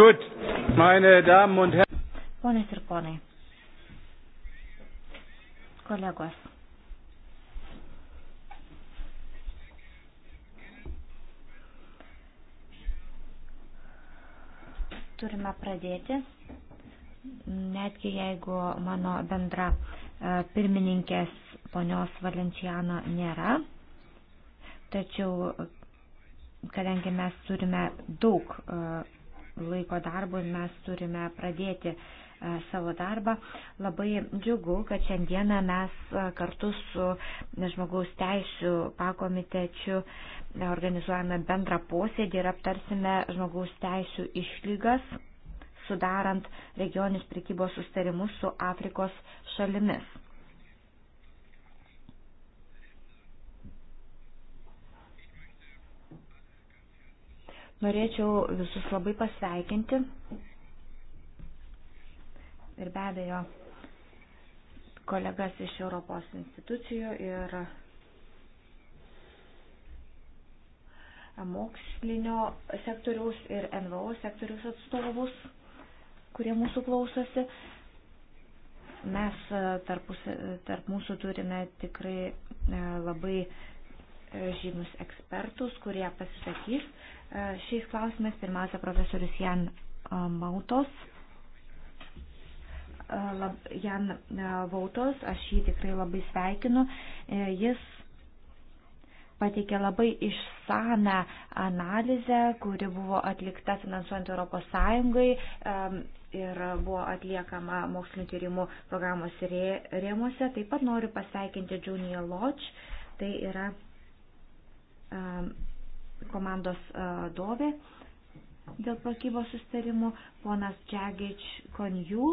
Gut, meine Damen und Herren. Ponios ir ponai. Kolegos. Turime pradėti, netgi jeigu mano bendra e, pirmininkės ponios Valenciano nėra, tačiau kadangi mes turime daug uh, laiko darbui mes turime pradėti e, savo darbą. Labai džiugu, kad šiandieną mes e, kartu su žmogaus teisų pakomitečiu e, organizuojame bendrą posėdį ir aptarsime žmogaus teisų išlygas, sudarant regionius prekybos sustarimus su Afrikos šalimis. Norėčiau visus labai pasveikinti. Ir be abejo, kolegas iš Europos institucijų ir mokslinio sektoriaus ir NVO sektoriaus atstovus, kurie mūsų klausosi. Mes tarp, tarp mūsų turime tikrai e, labai E, žymus ekspertus, kurie pasisakys e, šiais klausimais. Pirmiausia, profesorius Jan e, Mautos. Jan Vautos, aš jį tikrai labai sveikinu. Jis pateikė labai išsame analizę, kuri buvo atlikta finansuojant Europos Sąjungai ir buvo atliekama mokslinio tyrimų programos rėmuose. Taip pat noriu pasveikinti Junior Lodge, tai yra Um, komandos uh, dovė dėl pakybos sustarimų, ponas Džegič Konjų,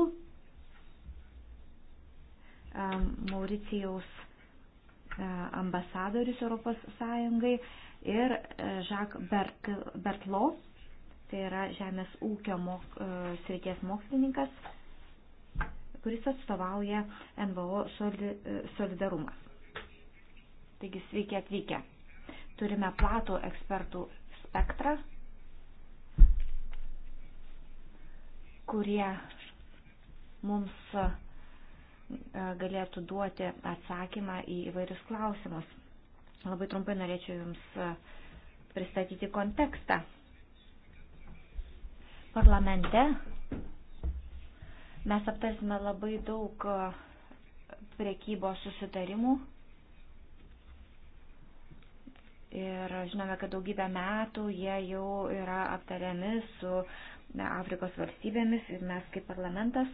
um, Mauricijaus uh, ambasadorius Europos Sąjungai ir uh, Jacques Bertlo, tai yra žemės ūkio mok, srities mokslininkas, kuris atstovauja NVO solidarumas. Taigi sveiki atvykę. Turime platų ekspertų spektrą, kurie mums e, galėtų duoti atsakymą į įvairius klausimus. Labai trumpai norėčiau Jums e, pristatyti kontekstą. Parlamente mes aptarsime labai daug e, priekybos susitarimų Ir žinome, kad daugybę metų jie jau yra aptariami su Afrikos valstybėmis ir mes kaip parlamentas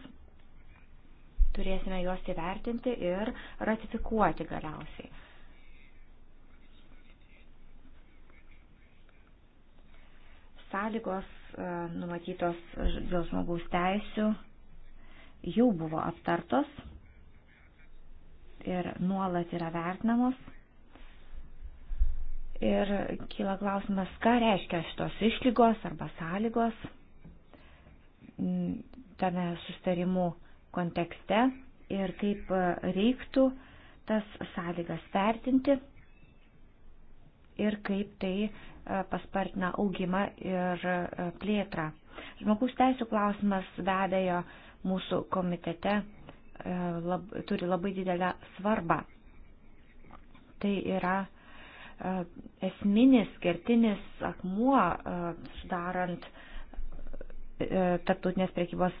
turėsime juos įvertinti ir ratifikuoti galiausiai. Sąlygos e, numatytos dėl žmogaus teisių jau buvo aptartos ir nuolat yra vertinamos Ir kyla klausimas, ką reiškia šitos išlygos arba sąlygos tame sustarimų kontekste ir kaip reiktų tas sąlygas vertinti ir kaip tai e, paspartina augimą ir e, plėtrą. Žmogaus teisų klausimas be abejo mūsų komitete e, lab, turi labai didelę svarbą. Tai yra E, esminis, kertinis akmuo e, sudarant e, tarptautinės prekybos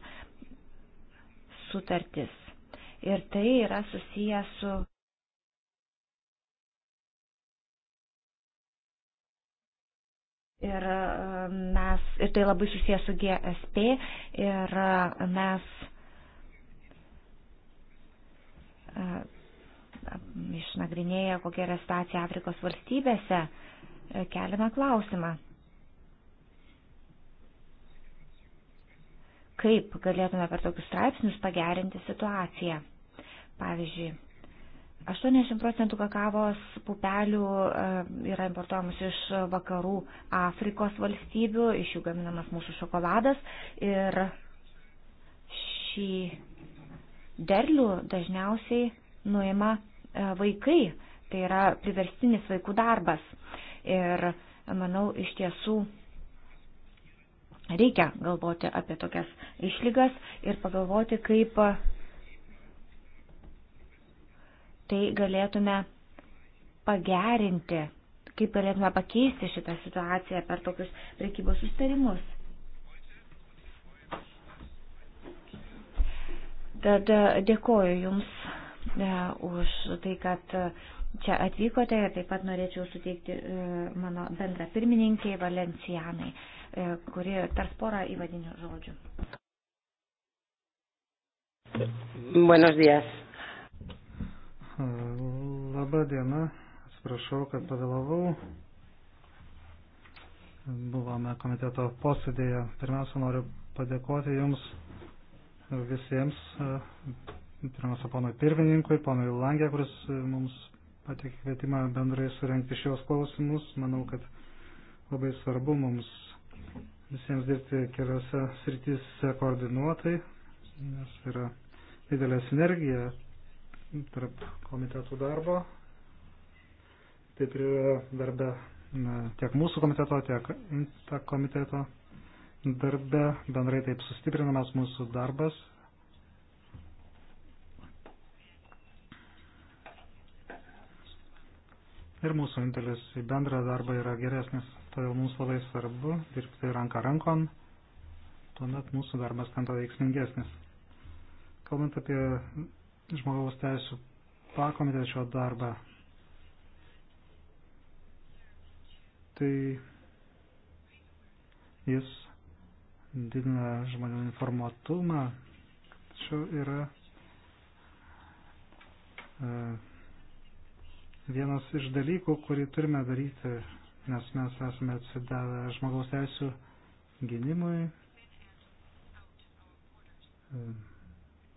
sutartis. Ir tai yra susiję su. Ir, mes, ir tai labai susiję su GSP ir mes išnagrinėję, kokia yra stacija Afrikos valstybėse, e, keliame klausimą. Kaip galėtume per tokius straipsnius pagerinti situaciją? Pavyzdžiui, 80 procentų kakavos pupelių e, yra importuojamos iš vakarų Afrikos valstybių, iš jų gaminamas mūsų šokoladas ir šį derlių dažniausiai nuima E, vaikai, tai yra priverstinis vaikų darbas. Ir manau, iš tiesų reikia galvoti apie tokias išlygas ir pagalvoti, kaip tai galėtume pagerinti, kaip galėtume pakeisti šitą situaciją per tokius prekybos sustarimus. Tad e, dėkoju Jums E, už tai, kad čia atvykote ir taip pat norėčiau suteikti e, mano bendra pirmininkiai Valencijanai, e, kuri tars porą įvadinių žodžių. Buenos días. Labą dieną, atsiprašau, kad pavėlavau. Buvome komiteto posėdėje. Pirmiausia, noriu padėkoti Jums visiems pirmiausia, ponui pirmininkui, ponui Langė, kuris e, mums patikė kvietimą bendrai surenkti šios klausimus. Manau, kad labai svarbu mums visiems dirbti keliose srityse koordinuotai, nes yra didelė sinergija tarp komitetų darbo. Taip ir yra darbe tiek mūsų komiteto, tiek komiteto darbe. Bendrai taip sustiprinamas mūsų darbas ir mūsų indėlis į bendrą darbą yra geresnis. Todėl mums labai svarbu dirbti ranką rankon, tuomet mūsų darbas tampa veiksmingesnis. Kalbant apie žmogaus teisų pakomitečio darbą, tai jis didina žmonių informuotumą, tačiau yra e, vienas iš dalykų, kurį turime daryti, nes mes esame atsidavę žmogaus teisų gynimui e,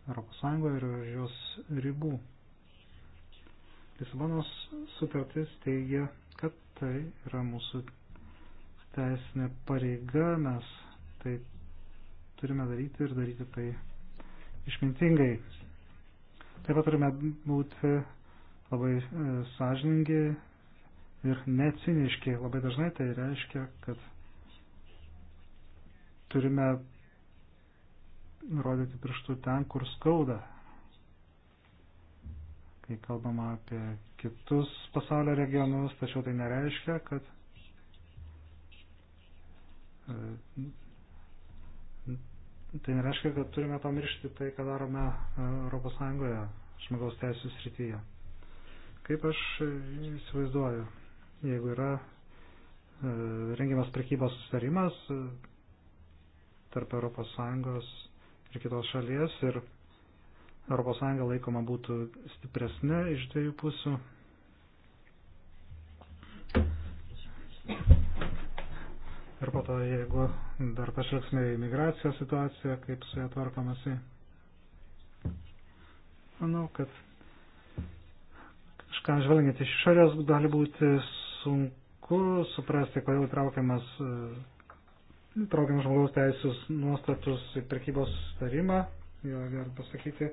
Europos Sąjungoje ir už jos ribų. Lisabonos sutartis teigia, kad tai yra mūsų teisinė pareiga, mes tai turime daryti ir daryti tai išmintingai. Taip pat turime būti labai e, sąžiningi ir neciniški. Labai dažnai tai reiškia, kad turime rodyti pirštų ten, kur skauda. Kai kalbama apie kitus pasaulio regionus, tačiau tai nereiškia, kad e, tai nereiškia, kad turime pamiršti tai, ką darome ES žmogaus teisų srityje. Kaip aš įsivaizduoju, jeigu yra e, rengiamas prekybos sustarimas e, tarp ES ir kitos šalies ir ES laikoma būtų stipresnė iš dviejų pusių. Ir po to, jeigu dar pažvelgsime į migracijos situaciją, kaip su ją tvarkomasi, manau, kad Kažką žvelgiant iš išorės gali būti sunku suprasti, kodėl traukiamas, e, traukiamas žmogaus teisės nuostatus į prekybos sustarimą. Jo galiu pasakyti,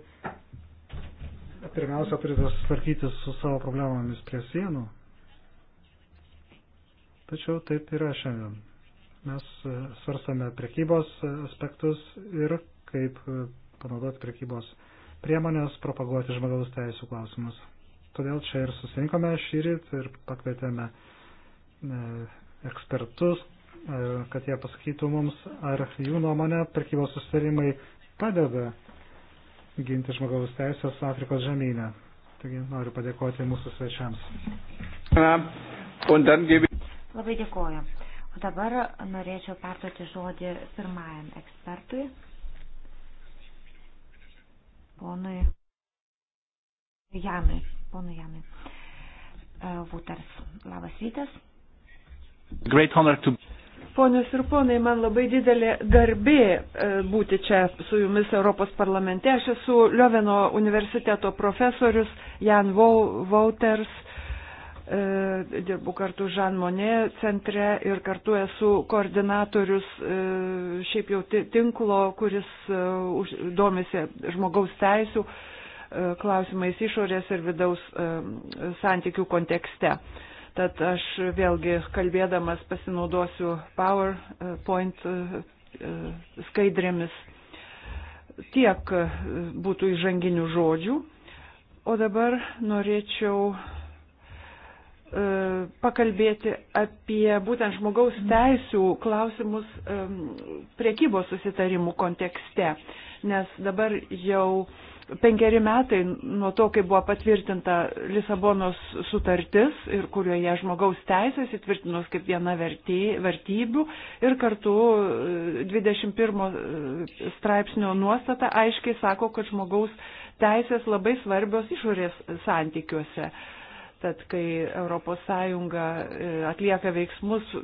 pirmiausia, turite susitvarkyti su savo problemomis prie sienų. Tačiau taip yra šiandien. Mes e, svarstame prekybos aspektus ir kaip e, panaudoti prekybos priemonės propaguoti žmogaus teisų klausimus. Todėl čia ir susirinkome šį rytą ir pakvietėme e, ekspertus, e, kad jie pasakytų mums, ar jų nuomonė prekybos susitarimai padeda ginti žmogaus teisės Afrikos žemynę. Taigi noriu padėkoti mūsų svečiams. Labai dėkoju. O dabar norėčiau perduoti žodį pirmajam ekspertui, ponui Janui ponui Janui Vuters. E, Labas rytas. To... Ponios ir ponai, man labai didelė garbė e, būti čia su jumis Europos parlamente. Aš esu Lioveno universiteto profesorius Jan Vauters. Vau e, dirbu kartu Žan Monė centre ir kartu esu koordinatorius šiaip jau tinklo, kuris domisi žmogaus teisų klausimais išorės ir vidaus e, santykių kontekste. Tad aš vėlgi kalbėdamas pasinaudosiu PowerPoint e, e, skaidrėmis. Tiek būtų įžanginių žodžių. O dabar norėčiau pakalbėti apie būtent žmogaus teisų klausimus priekybos susitarimų kontekste, nes dabar jau uh, penkeri metai nuo to, kai buvo patvirtinta Lisabonos sutartis ir kurioje žmogaus teisės įtvirtinos kaip viena vertybių ir kartu 21 e, e, straipsnio nuostata aiškiai sako, kad žmogaus teisės labai svarbios išorės santykiuose. Tad kai ES e, atlieka veiksmus e,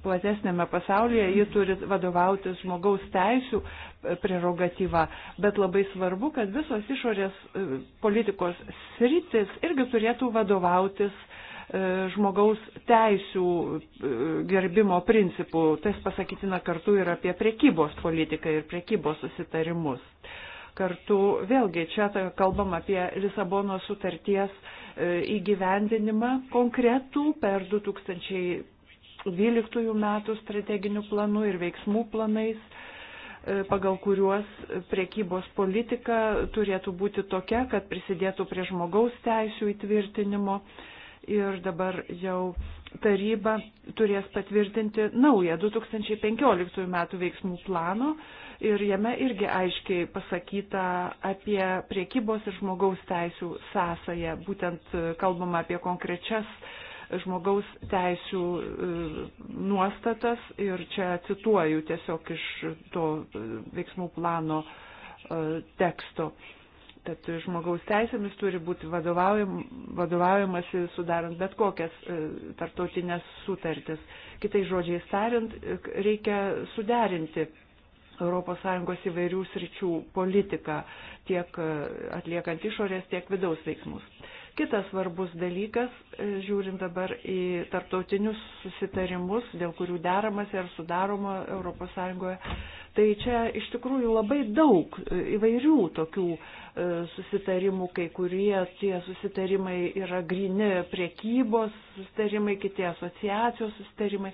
platesnėme pasaulyje, ji turi vadovauti žmogaus teisų e, prerogatyva. Bet labai svarbu, kad visos išorės politikos sritis irgi turėtų vadovautis žmogaus teisų gerbimo principų. Tai pasakytina kartu ir apie priekybos politiką ir priekybos susitarimus kartu vėlgi čia tai kalbam apie Lisabono sutarties E, įgyvendinimą konkretų per 2012 metų strateginių planų ir veiksmų planais, e, pagal kuriuos priekybos politika turėtų būti tokia, kad prisidėtų prie žmogaus teisų įtvirtinimo. Ir dabar jau taryba turės patvirtinti naują 2015 m. veiksmų plano ir jame irgi aiškiai pasakyta apie priekybos ir žmogaus teisų sąsąją, būtent e, kalbama apie konkrečias žmogaus teisų e, nuostatas ir čia cituoju tiesiog iš to e, veiksmų plano teksto. Tad žmogaus teisėmis turi būti vadovaujam, vadovaujamasi sudarant bet kokias e, tartautinės sutartis. Kitai žodžiai tariant, e, reikia suderinti ES įvairių sričių politiką, tiek e, atliekant išorės, tiek vidaus veiksmus. Kitas svarbus dalykas, žiūrint dabar į tarptautinius susitarimus, dėl kurių deramas ir sudaroma ES, Tai čia iš tikrųjų labai daug e, įvairių tokių e, susitarimų, kai kurie tie susitarimai yra grini priekybos susitarimai, kiti asociacijos susitarimai,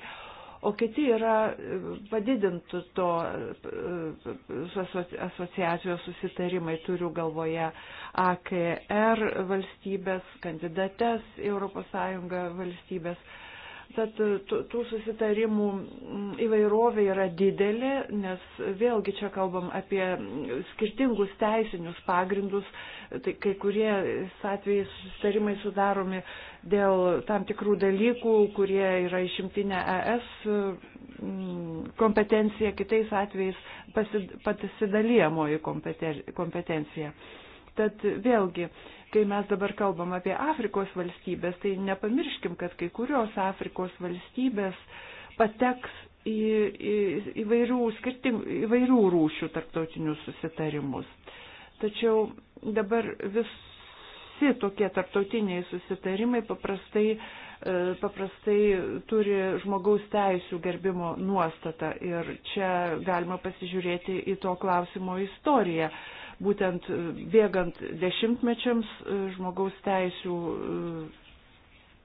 o kiti yra e, padidintų to asociacijos susitarimai, turiu galvoje AKR valstybės, kandidates ES valstybės Tad e, tų susitarimų įvairovė yra didelė, nes vėlgi čia kalbam apie skirtingus teisinius pagrindus, tai kai kurie atvejai susitarimai sudaromi dėl tam tikrų dalykų, kurie yra išimtinė ES e, kompetencija, kitais atvejais pasidalėjamoji kompetencija. Tad vėlgi Kai mes dabar kalbam apie Afrikos valstybės, tai nepamirškim, kad kai kurios Afrikos valstybės pateks į, į, įvairių, skirtim, įvairių rūšių tarptautinius susitarimus. Tačiau dabar visi tokie tarptautiniai susitarimai paprastai, e, paprastai turi žmogaus teisų gerbimo nuostatą ir čia galima pasižiūrėti į to klausimo istoriją būtent e, bėgant dešimtmečiams e, žmogaus teisių e,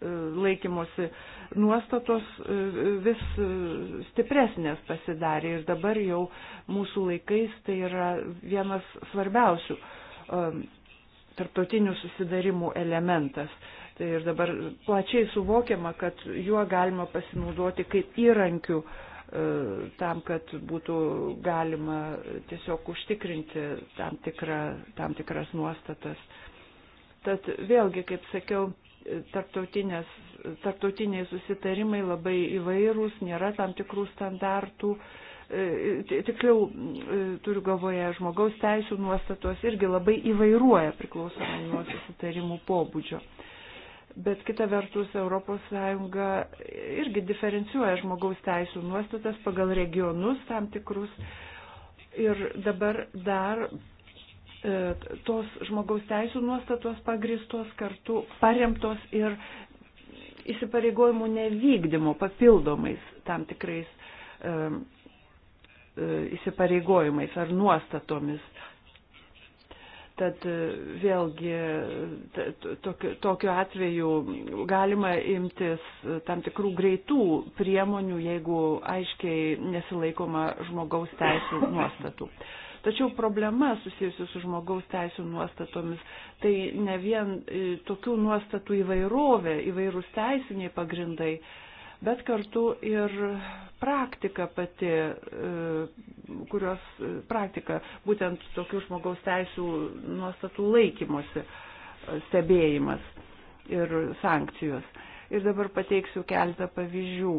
laikymosi nuostatos vis stipresnės pasidarė ir dabar jau mūsų laikais tai yra vienas svarbiausių tarptautinių susidarimų elementas. Tai ir dabar plačiai suvokiama, kad juo galima pasinaudoti kaip įrankiu uh, E, tam, kad būtų galima tiesiog užtikrinti tam, tikrą, tam tikras nuostatas. Tad vėlgi, kaip sakiau, tarptautiniai susitarimai labai įvairūs, nėra tam tikrų standartų. E, tiksliau, e, turiu galvoje, žmogaus teisų nuostatos irgi labai įvairuoja priklausomai nuo susitarimų pobūdžio. Bet kita vertus, ES irgi diferencijuoja žmogaus teisų nuostatas pagal regionus tam tikrus. Ir dabar dar e, tos žmogaus teisų nuostatos pagristos kartu paremtos ir įsipareigojimų nevykdymo papildomais tam tikrais e, e, įsipareigojimais ar nuostatomis Tad e, vėlgi tokiu atveju galima imtis e, tam tikrų greitų priemonių, jeigu aiškiai nesilaikoma žmogaus teisų nuostatų. Tačiau problema susijusi su žmogaus teisų nuostatomis, tai ne vien e, tokių nuostatų įvairovė, įvairūs teisiniai pagrindai, bet kartu ir praktika pati, e, kurios e, praktika būtent tokių žmogaus teisų nuostatų laikymosi e, stebėjimas ir sankcijos. Ir dabar pateiksiu keletą pavyzdžių.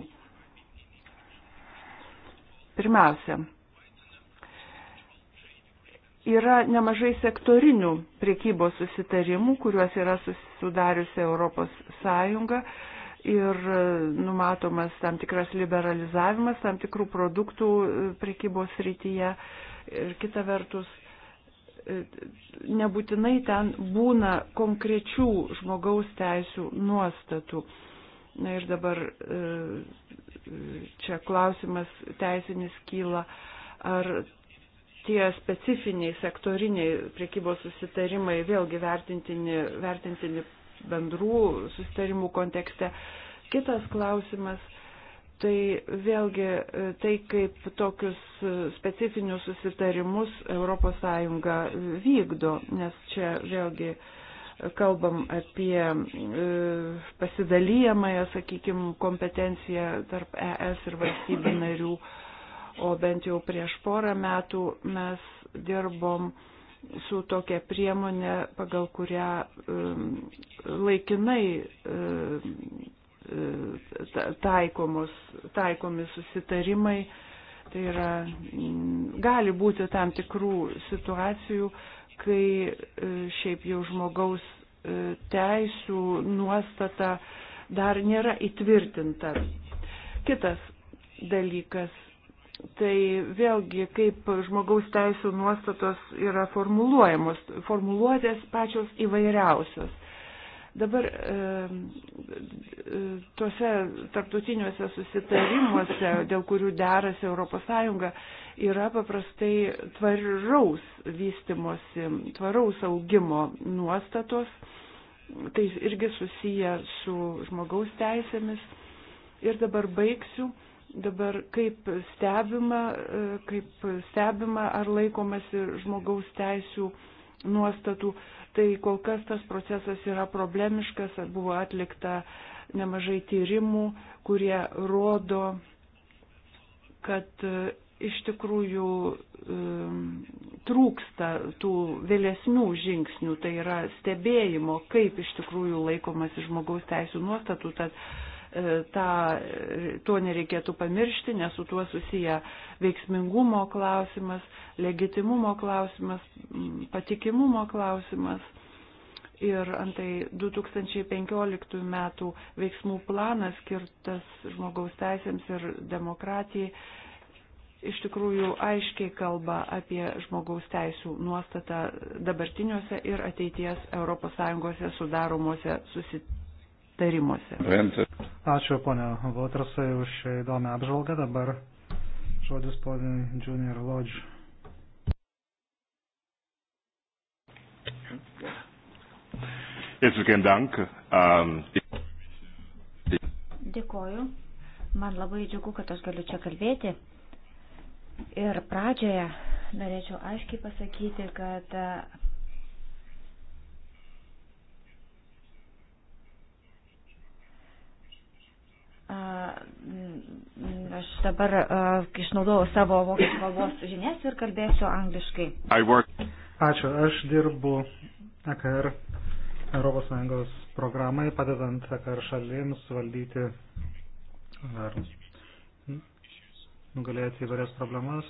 Pirmiausia, yra nemažai sektorinių priekybos susitarimų, kuriuos yra susidariusi Europos Sąjunga ir e, numatomas tam tikras liberalizavimas tam tikrų produktų e, prekybos rytyje. Ir kita vertus, e, nebūtinai ten būna konkrečių žmogaus teisų nuostatų. Na ir dabar čia klausimas teisinis kyla, ar tie specifiniai sektoriniai priekybos susitarimai vėlgi vertintini, vertintini bendrų sustarimų kontekste. Kitas klausimas, tai vėlgi e, tai, kaip tokius e, specifinius susitarimus ES vykdo, nes čia vėlgi kalbam apie e, pasidalyjamąją, sakykime, kompetenciją tarp ES ir valstybių narių, o bent jau prieš porą metų mes dirbom su tokia priemonė, pagal kurią um, laikinai um, taikomos, taikomi susitarimai. Tai yra, mm, gali būti tam tikrų situacijų, kai e, šiaip jau žmogaus e, teisų nuostata dar nėra įtvirtinta. Kitas dalykas Tai vėlgi, kaip žmogaus teisų nuostatos yra formuluojamos, formuluotės pačios įvairiausios. Dabar e, e, tuose tarptautiniuose susitarimuose, dėl kurių derasi ES, yra paprastai tvaraus vystimosi, tvaraus augimo nuostatos. Tai irgi susiję su žmogaus teisėmis. Ir dabar baigsiu dabar kaip stebima, e, kaip stebima ar laikomasi žmogaus teisų nuostatų, tai kol kas tas procesas yra problemiškas, buvo atlikta nemažai tyrimų, kurie rodo, kad e, iš tikrųjų e, trūksta tų vėlesnių žingsnių, tai yra stebėjimo, kaip iš tikrųjų laikomasi žmogaus teisų nuostatų, tad E, tą, e, to nereikėtų pamiršti, nes su tuo susiję veiksmingumo klausimas, legitimumo klausimas, patikimumo klausimas. Ir antai 2015 metų veiksmų planas skirtas žmogaus teisėms ir demokratijai iš tikrųjų aiškiai kalba apie žmogaus teisų nuostatą dabartiniuose ir ateities ES sudaromuose susitikimuose susitarimuose. Ačiū ponia Votrasai už šią įdomią apžvalgą. Dabar žodis ponia Junior Lodge. Herzlichen Dank. Ähm, Dėkoju. Man labai džiugu, kad aš galiu čia kalbėti. Ir pradžioje norėčiau aiškiai pasakyti, kad dabar uh, išnaudojau savo vokiečių kalbos žinias ir kalbėsiu angliškai. Ačiū, aš dirbu EKR ES programai, padedant EKR šalims valdyti ar nugalėti įvairias problemas.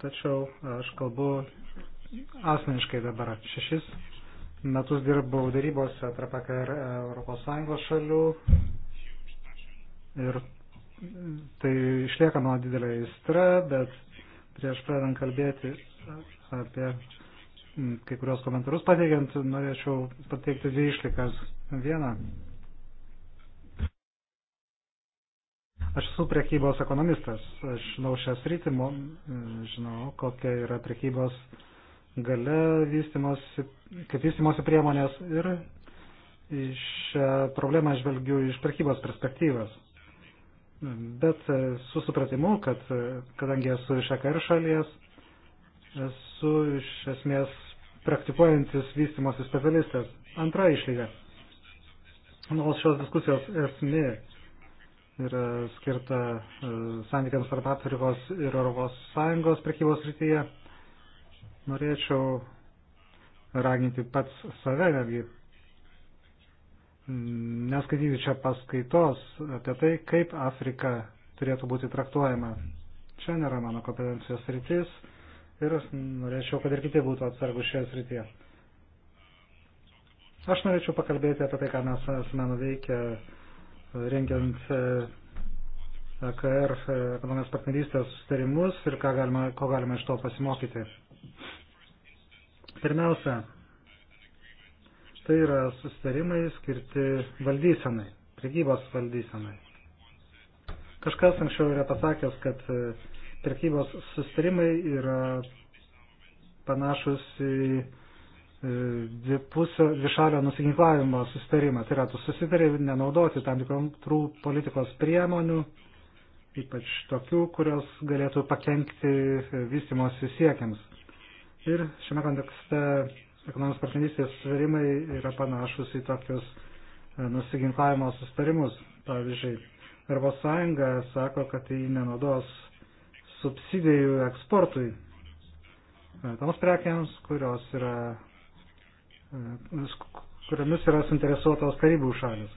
Tačiau aš kalbu asmeniškai dabar šešis metus dirbau darybose tarp EKR ES šalių ir tai išlieka mano didelė įstra, bet prieš pradant kalbėti apie mm, kai kurios komentarus pateikiant, norėčiau pateikti dvi išlikas. Vieną. Aš esu prekybos ekonomistas, aš žinau šią sritį, mm, žinau, kokia yra prekybos gale vystimosi, kaip vystimosi priemonės ir iš problemą žvelgiu iš prekybos perspektyvas. Bet e, su supratimu, kad e, kadangi esu iš AKR šalies, esu iš esmės praktikuojantis vystimosi specialistas. Antra išlyga. Nors šios diskusijos esmė yra skirta e, santykiams tarp Afrikos ir Europos Sąjungos prekybos rytyje, norėčiau raginti pats save netgi neskaityti čia paskaitos apie tai, kaip Afrika turėtų būti traktuojama. Čia nėra mano kompetencijos rytis ir norėčiau, kad ir kiti būtų atsargų šioje srityje. Aš norėčiau pakalbėti apie tai, ką mes esame nuveikę rengiant AKR e, e e, ekonomijos partnerystės sustarimus ir galima, ko galima iš to pasimokyti. Pirmiausia, Tai yra susitarimai skirti valdysenai, prekybos valdysenai. Kažkas anksčiau yra pasakęs, kad e, prekybos susitarimai yra panašus į e, dvipusio, dvišalio nusiginklavimo susitarimą. Tai yra, tu susitari nenaudoti tam tikrų politikos priemonių, ypač tokių, kurios galėtų pakengti vystimosi siekiams. Ir šiame kontekste ekonominės partnerystės susitarimai yra panašus į tokius e, nusiginklavimo susitarimus. Pavyzdžiui, Europos Sąjunga sako, kad tai nenaudos subsidijų eksportui e, toms prekiams, kurios yra, e, kuriomis yra suinteresuotos karibų šalis.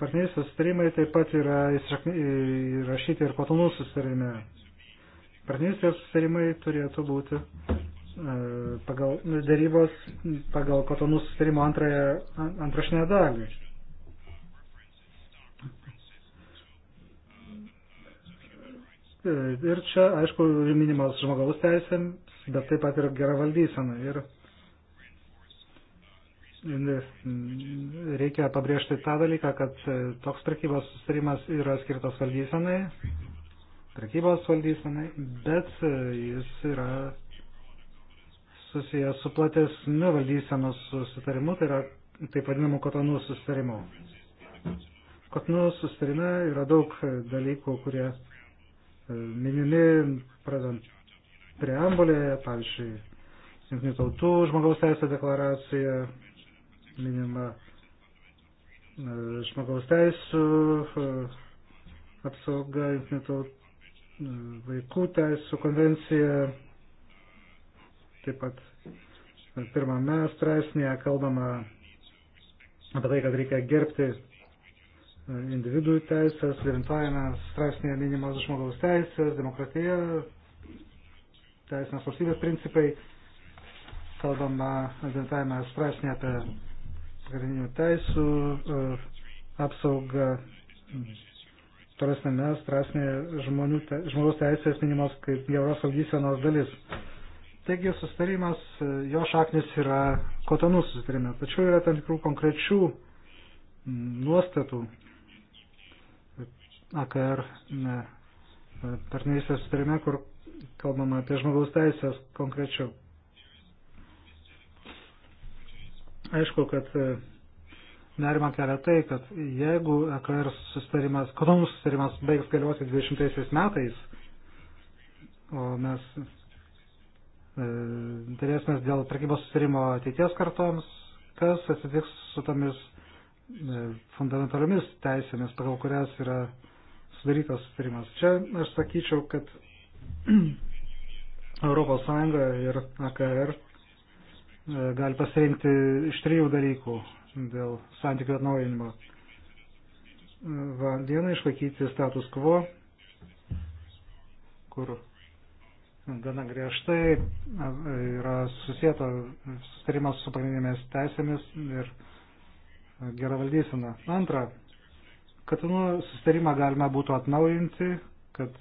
Partnerystės susitarimai taip pat yra įrašyti ir kotonų susitarime. Partnerystės susitarimai turėtų būti E, pagal darybos pagal kotonų sustarimo antrašinę dalį. E, ir čia, aišku, minimos žmogaus teisėms, bet taip pat ir gera valdysena. Ir mm, reikia pabrėžti tą dalyką, kad e, toks prekybos sustarimas yra skirtas valdysenai, prekybos valdysenai, bet jis yra susijęs su platesniu valdysenos susitarimu, tai yra taip vadinamu kotonų susitarimu. Kotonų susitarime yra daug dalykų, kurie e, minimi, pradant preambulėje, pavyzdžiui, Junktinių tautų žmogaus teisų deklaracija, minima e, žmogaus teisų e, apsauga, Junktinių tautų vaikų teisų konvencija, Taip pat pirmame straipsnėje kalbama apie tai, kad reikia gerbti e, individų teisės, devintajame straipsnėje minimos žmogaus teisės, demokratija, teisinės valstybės principai, kalbama devintajame straipsnėje apie pagrindinių teisų e, apsaugą, tolesnėme straipsnėje žmogaus teisės minimos kaip geros valdysenos dalis. Taigi susitarimas, e, jo šaknis yra kotonų susitarime, tačiau yra tam tikrų konkrečių nuostatų AKR ne, partnerystės e, susitarime, kur kalbama apie žmogaus teisės konkrečiau. Aišku, kad e, nerima kelia tai, kad jeigu AKR susitarimas, kotonų susitarimas baigs galioti 20 metais, o mes dėlėsimės e, dėl prekybos susirimo ateities kartoms, kas atsitiks su tomis e, fundamentaliomis teisėmis, pagal kurias yra sudarytas susirimas. Čia aš sakyčiau, kad Europos Sąjunga ir AKR e, gali pasirinkti iš trijų dalykų dėl santykių atnaujinimo. Vieną išlaikyti status quo, kur gana griežtai, yra susijęta sustarimas su pagrindinėmis teisėmis ir gera valdysena. Antra, kad nu, sustarimą galima būtų atnaujinti, kad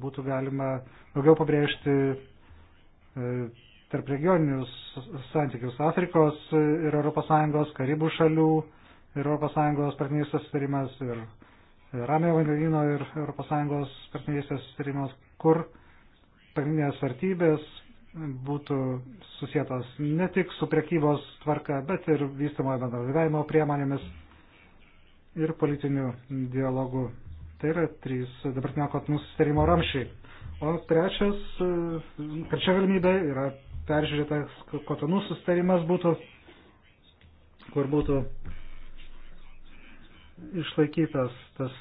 būtų galima daugiau pabrėžti e, tarp regioninius santykius Afrikos ir ES, Karibų šalių ir ES partnerystės sustarimas ir Ramėjo vandenino ir ES partnerystės sustarimas, kur uh, pagrindinės vertybės būtų susijėtos ne tik su prekybos tvarka, bet ir vystamojo bendradarbiavimo priemonėmis ir politiniu dialogu. Tai yra trys dabartinio kotinų susitarimo ramšiai. O trečias, trečia galimybė yra peržiūrėtas kotinų susitarimas būtų, kur būtų išlaikytas tas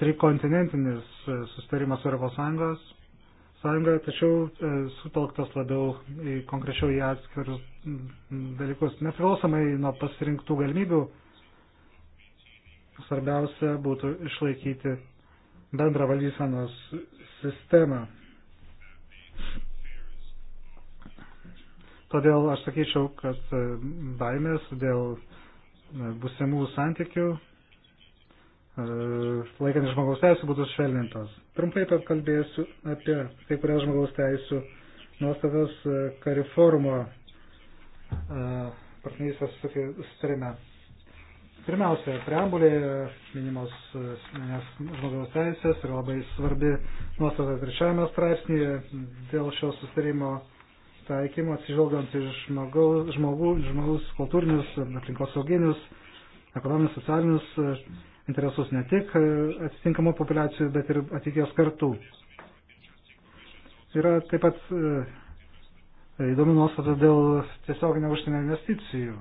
trikontinentinis susitarimas Europos Sąjungos sąjungą, tačiau e, sutelktas labiau į, konkrečiau į atskirus dalykus. Nepriklausomai nuo pasirinktų galimybių, svarbiausia būtų išlaikyti bendrą valdysenos sistemą. Todėl aš sakyčiau, kad e, baimės dėl e, busimų santykių E, laikantis žmogaus teisų būtų švelnintos. Trumpai kalbėsiu apie kai kurias žmogaus teisų nuostatas e, Kariforumo e, partnerystės susitarime. Pirmiausia, preambulėje minimos žmogaus teisės yra labai svarbi nuostata trečiajame straipsnėje dėl šio susitarimo taikymo atsižvelgiant į žmogaus, žmogaus, žmogaus kultūrinius, aplinkosauginius, ekonominius, socialinius interesus ne tik e, atitinkamų populiacijų, bet ir ateities kartų. Yra taip pat e, įdomi nuostata dėl tiesioginio užsienio investicijų.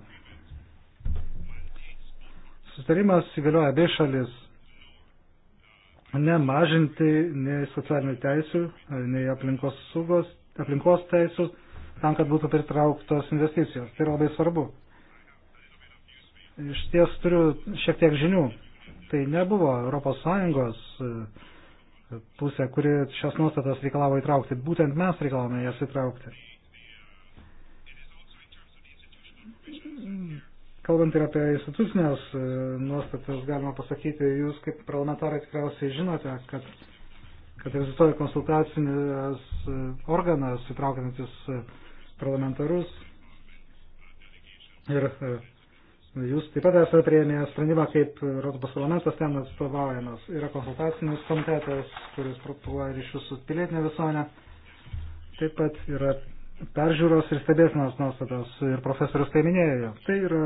Sustarimas įgalioja abi šalis nemažinti nei socialinių teisių, e, nei aplinkos, saugos, aplinkos teisų, tam, kad būtų pritrauktos investicijos. Tai yra labai svarbu. Iš ties turiu šiek tiek žinių tai nebuvo ES e, pusė, kuri šias nuostatas reikalavo įtraukti. Būtent mes reikalavome jas įtraukti. Kalbant ir apie institucinės e, nuostatas, galima pasakyti, jūs kaip parlamentarai tikriausiai žinote, kad, kad egzistuoja konsultacinis e, organas įtraukiantis parlamentarus ir Jūs taip pat esate prieėmę sprendimą, kaip Europos parlamentas ten atstovaujamas. Yra konsultacinis komitetas, kuris propaguoja ryšius su pilietinė visuomenė. Taip pat yra peržiūros ir stebėsinos nuostatos ir profesorius tai minėjo. Tai yra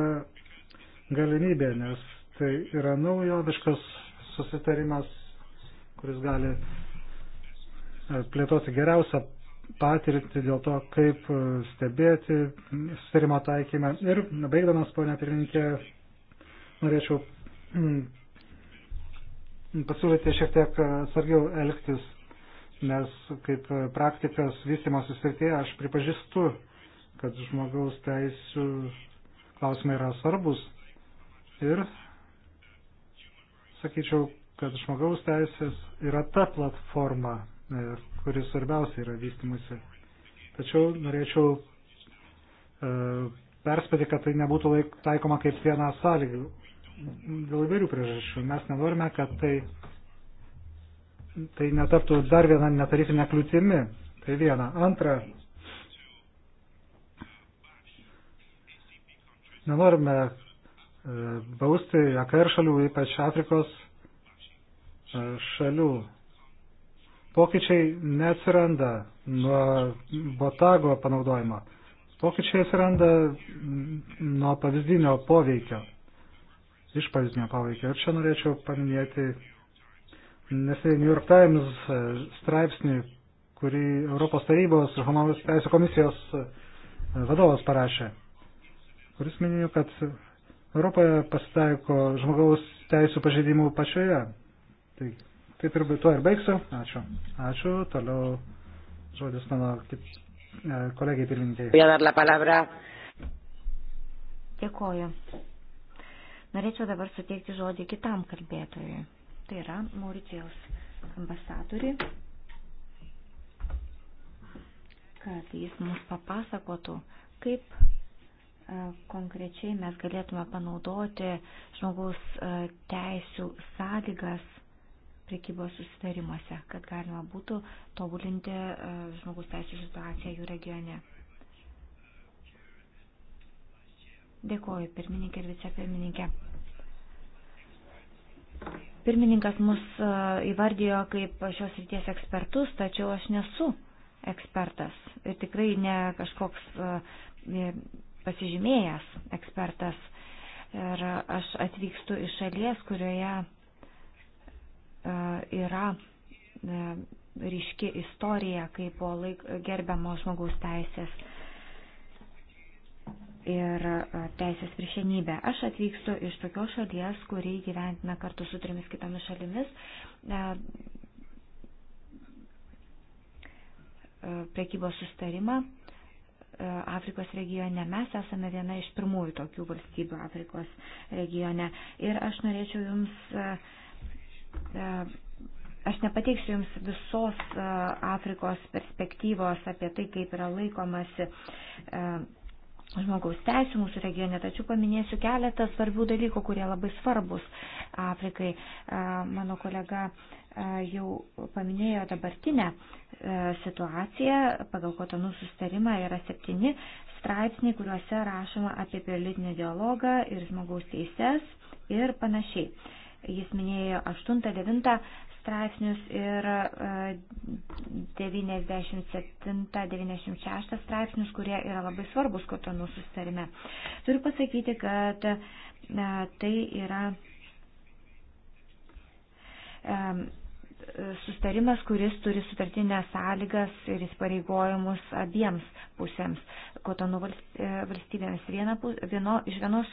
galimybė, nes tai yra naujoviškas susitarimas, kuris gali e, plėtoti geriausią patirtį dėl to, kaip e, stebėti sustarimo taikymą. Ir baigdamas, ponia pirmininkė, norėčiau mm, pasiūlyti šiek tiek e, atsargiau elgtis, nes kaip e, praktikas vystimo susirtyje aš pripažįstu, kad žmogaus teisų klausimai yra svarbus. Ir sakyčiau, kad žmogaus teisės yra ta platforma, kuris svarbiausia yra vystimusi. Tačiau norėčiau e, perspėti, kad tai nebūtų laik, taikoma kaip viena sąlyga. Dėl įvairių priežasčių. Mes nenorime, kad tai, tai netaptų dar viena netarifinė kliūtimi. Tai viena. Antra. Nenorime e, bausti AKR šalių, ypač Afrikos e, šalių. Pokyčiai neatsiranda nuo botago panaudojimo. Pokyčiai atsiranda nuo pavyzdinio poveikio, iš pavyzdinio poveikio. Ir čia norėčiau paminėti neseniai New York Times e, straipsnį, kurį Europos tarybos žmogaus teisų komisijos e, vadovas parašė, kuris minėjo, kad Europoje pasitaiko žmogaus teisų pažeidimų pačioje. Taigi, Taip ir tuo ir baigsiu. Ačiū. Ačiū. Toliau žodis mano kaip, e, kolegiai pirmininkė. Dėkoju. Norėčiau dabar suteikti žodį kitam kalbėtojui. Tai yra Mauricijos ambasadoriui, kad jis mums papasakotų, kaip e, konkrečiai mes galėtume panaudoti žmogaus e, teisų sąlygas priekybos susitarimuose, kad galima būtų tobulinti e, žmogus teisų situaciją jų regione. Dėkoju, pirmininkė ir vicepirmininkė. Pirmininkas mus e, įvardijo kaip šios ryties ekspertus, tačiau aš nesu ekspertas ir tikrai ne kažkoks e, pasižymėjęs ekspertas. Ir aš atvykstu iš šalies, kurioje E, yra e, ryški istorija, kaip buvo laik, gerbiamo žmogaus teisės ir e, teisės viršenybė. Aš atvykstu iš tokios šalies, kurį gyventina kartu su trimis kitomis šalimis. Prekybos sustarimą Afrikos regione. Mes esame viena iš pirmųjų tokių valstybių Afrikos regione. Ir aš norėčiau Jums uh, E, aš nepateiksiu Jums visos e, Afrikos perspektyvos apie tai, kaip yra laikomasi e, žmogaus teisų mūsų regione, tačiau paminėsiu keletą svarbių dalykų, kurie labai svarbus Afrikai. Mano kolega jau paminėjo dabartinę situaciją, pagal kotonų sustarimą yra septyni straipsniai, kuriuose rašoma apie politinį dialogą ir žmogaus teises ir panašiai. Jis minėjo 8-9 straipsnius ir 97-96 e, straipsnius, kurie yra labai svarbus kotonų susitarime. Turiu pasakyti, kad e, tai yra e, sustarimas, kuris turi sutartinės sąlygas ir įsipareigojimus abiems pusėms, kotonų valstybėms viena, vieno, iš vienos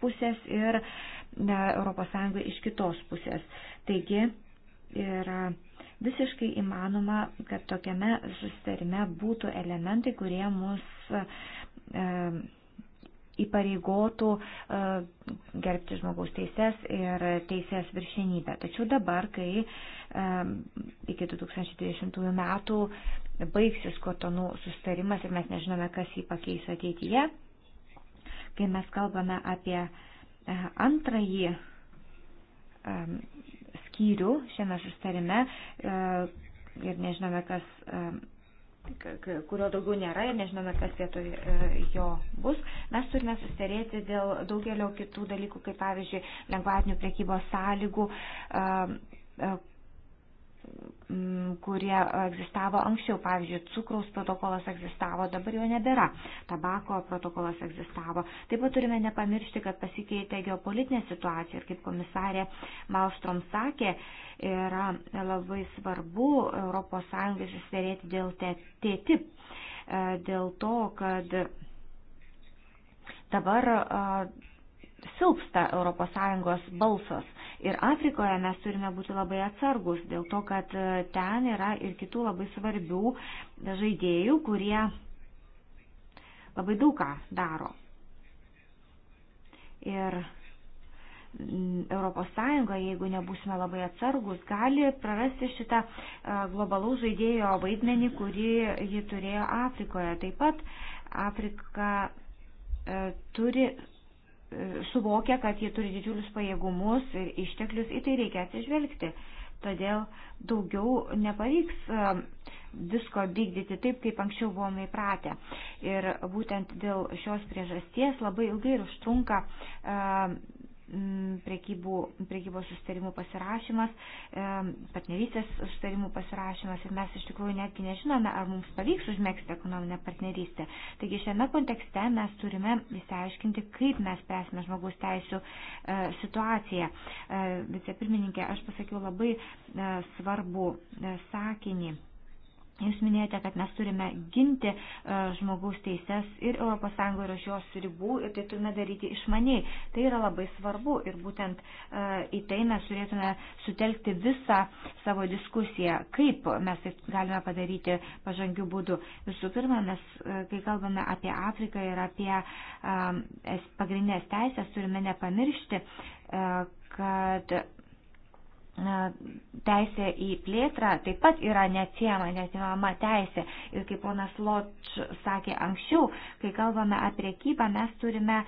pusės ir ES iš kitos pusės. Taigi yra visiškai įmanoma, kad tokiame susitarime būtų elementai, kurie mus e, įpareigotų e, gerbti žmogaus teises ir teisės viršenybę. Tačiau dabar, kai e, iki 2020 metų baigsis kotonų sustarimas ir mes nežinome, kas jį pakeis ateityje, kai mes kalbame apie e, E, antrąjį e, skyrių šiame sustarime e, ir nežinome, kas kurio daugiau nėra ir nežinome, kas vietoj jo bus. Mes turime susitarėti dėl daugelio kitų dalykų, kaip pavyzdžiui, lengvatinių priekybos sąlygų, Mm, kurie egzistavo anksčiau. Pavyzdžiui, cukraus protokolas egzistavo, dabar jo nebėra. Tabako protokolas egzistavo. Taip pat turime nepamiršti, kad pasikeitė geopolitinė situacija ir kaip komisarė Malstrom sakė, yra labai svarbu ES susidėrėti dėl TTIP. E, dėl to, kad dabar e, silpsta ES balsas. Ir Afrikoje mes turime būti labai atsargus dėl to, kad e, ten yra ir kitų labai svarbių žaidėjų, kurie labai daug ką daro. Ir mm, ES, jeigu nebusime labai atsargus, gali prarasti šitą e, globalų žaidėjo vaidmenį, kurį ji turėjo Afrikoje. Taip pat Afrika e, turi suvokia, kad jie turi didžiulius pajėgumus ir išteklius, į tai reikia atsižvelgti. Todėl daugiau nepavyks e, visko vykdyti taip, kaip anksčiau buvome įpratę. Ir būtent dėl šios priežasties labai ilgai ir užtrunka e, Mm, priekybų, priekybos sustarimų pasirašymas, e, partnerystės sustarimų pasirašymas ir mes iš tikrųjų netgi nežinome, ar mums pavyks užmėgsti ekonominę partnerystę. Taigi šiame kontekste mes turime įsiaiškinti, kaip mes spręsime žmogaus teisų e, situaciją. E, vicepirmininkė, aš pasakiau labai svarbu sakinį Jūs minėjote, kad mes turime ginti e, žmogaus teises ir ES ir už jos ribų ir tai turime daryti išmaniai. Tai yra labai svarbu ir būtent e, į tai mes turėtume sutelkti visą savo diskusiją, kaip mes tai galime padaryti pažangių būdų. Visų pirma, mes, e, kai kalbame apie Afriką ir apie pagrindinės teisės, turime nepamiršti, kad E, teisė į plėtrą taip pat yra neatsiema, neatimama teisė. Ir kaip ponas Loč sakė anksčiau, kai kalbame apie priekybą, mes turime e,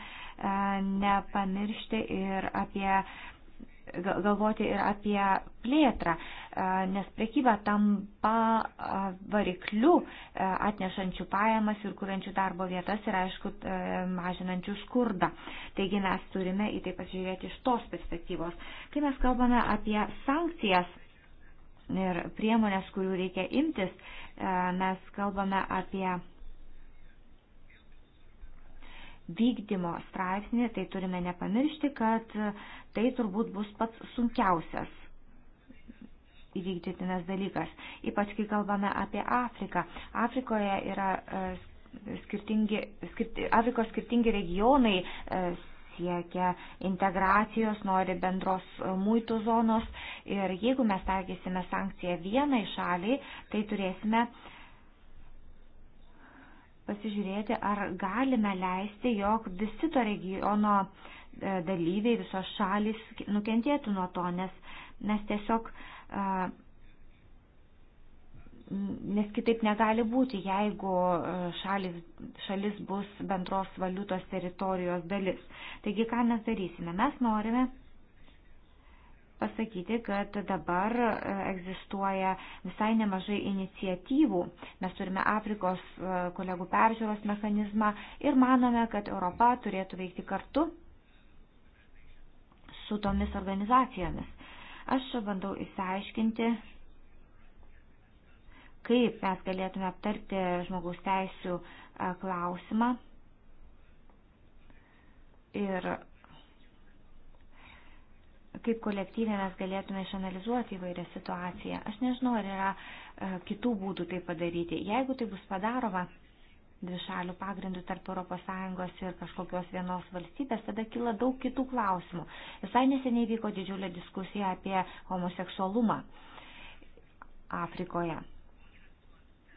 nepamiršti ir apie galvoti ir apie plėtrą, nes prekyba tampa varikliu atnešančių pajamas ir kuriančių darbo vietas ir, aišku, e, mažinančių skurdą. Taigi mes turime į tai pasižiūrėti iš tos perspektyvos. Kai mes kalbame apie sankcijas ir priemonės, kurių reikia imtis, e, mes kalbame apie vykdymo straipsnį, tai turime nepamiršti, kad tai turbūt bus pats sunkiausias įvykdytinas dalykas, ypač kai kalbame apie Afriką. Afrikoje yra e, skirtingi, skirti, Afrikos skirtingi regionai e, siekia integracijos, nori bendros e, muitų zonos ir jeigu mes taikysime sankciją vienai šaliai, tai turėsime uh, pasižiūrėti, ar galime leisti, jog visi to regiono e, dalyviai, visos šalis nukentėtų nuo to, nes mes tiesiog, e, nes kitaip negali būti, jeigu e, šalis, šalis bus bendros valiutos teritorijos dalis. Taigi, ką mes darysime? Mes norime pasakyti, kad dabar e, egzistuoja visai nemažai iniciatyvų. Mes turime Afrikos e, kolegų peržiūros mechanizmą ir manome, kad Europa turėtų veikti kartu su tomis organizacijomis. Aš bandau įsiaiškinti, kaip mes galėtume aptarti žmogaus teisų e, klausimą ir kaip kolektyviai mes galėtume išanalizuoti įvairią situaciją. Aš nežinau, ar yra e, kitų būdų tai padaryti. Jeigu tai bus padaroma dvišalių pagrindų tarp ES ir kažkokios vienos valstybės, tada kyla daug kitų klausimų. Visai neseniai vyko didžiulė diskusija apie homoseksualumą Afrikoje.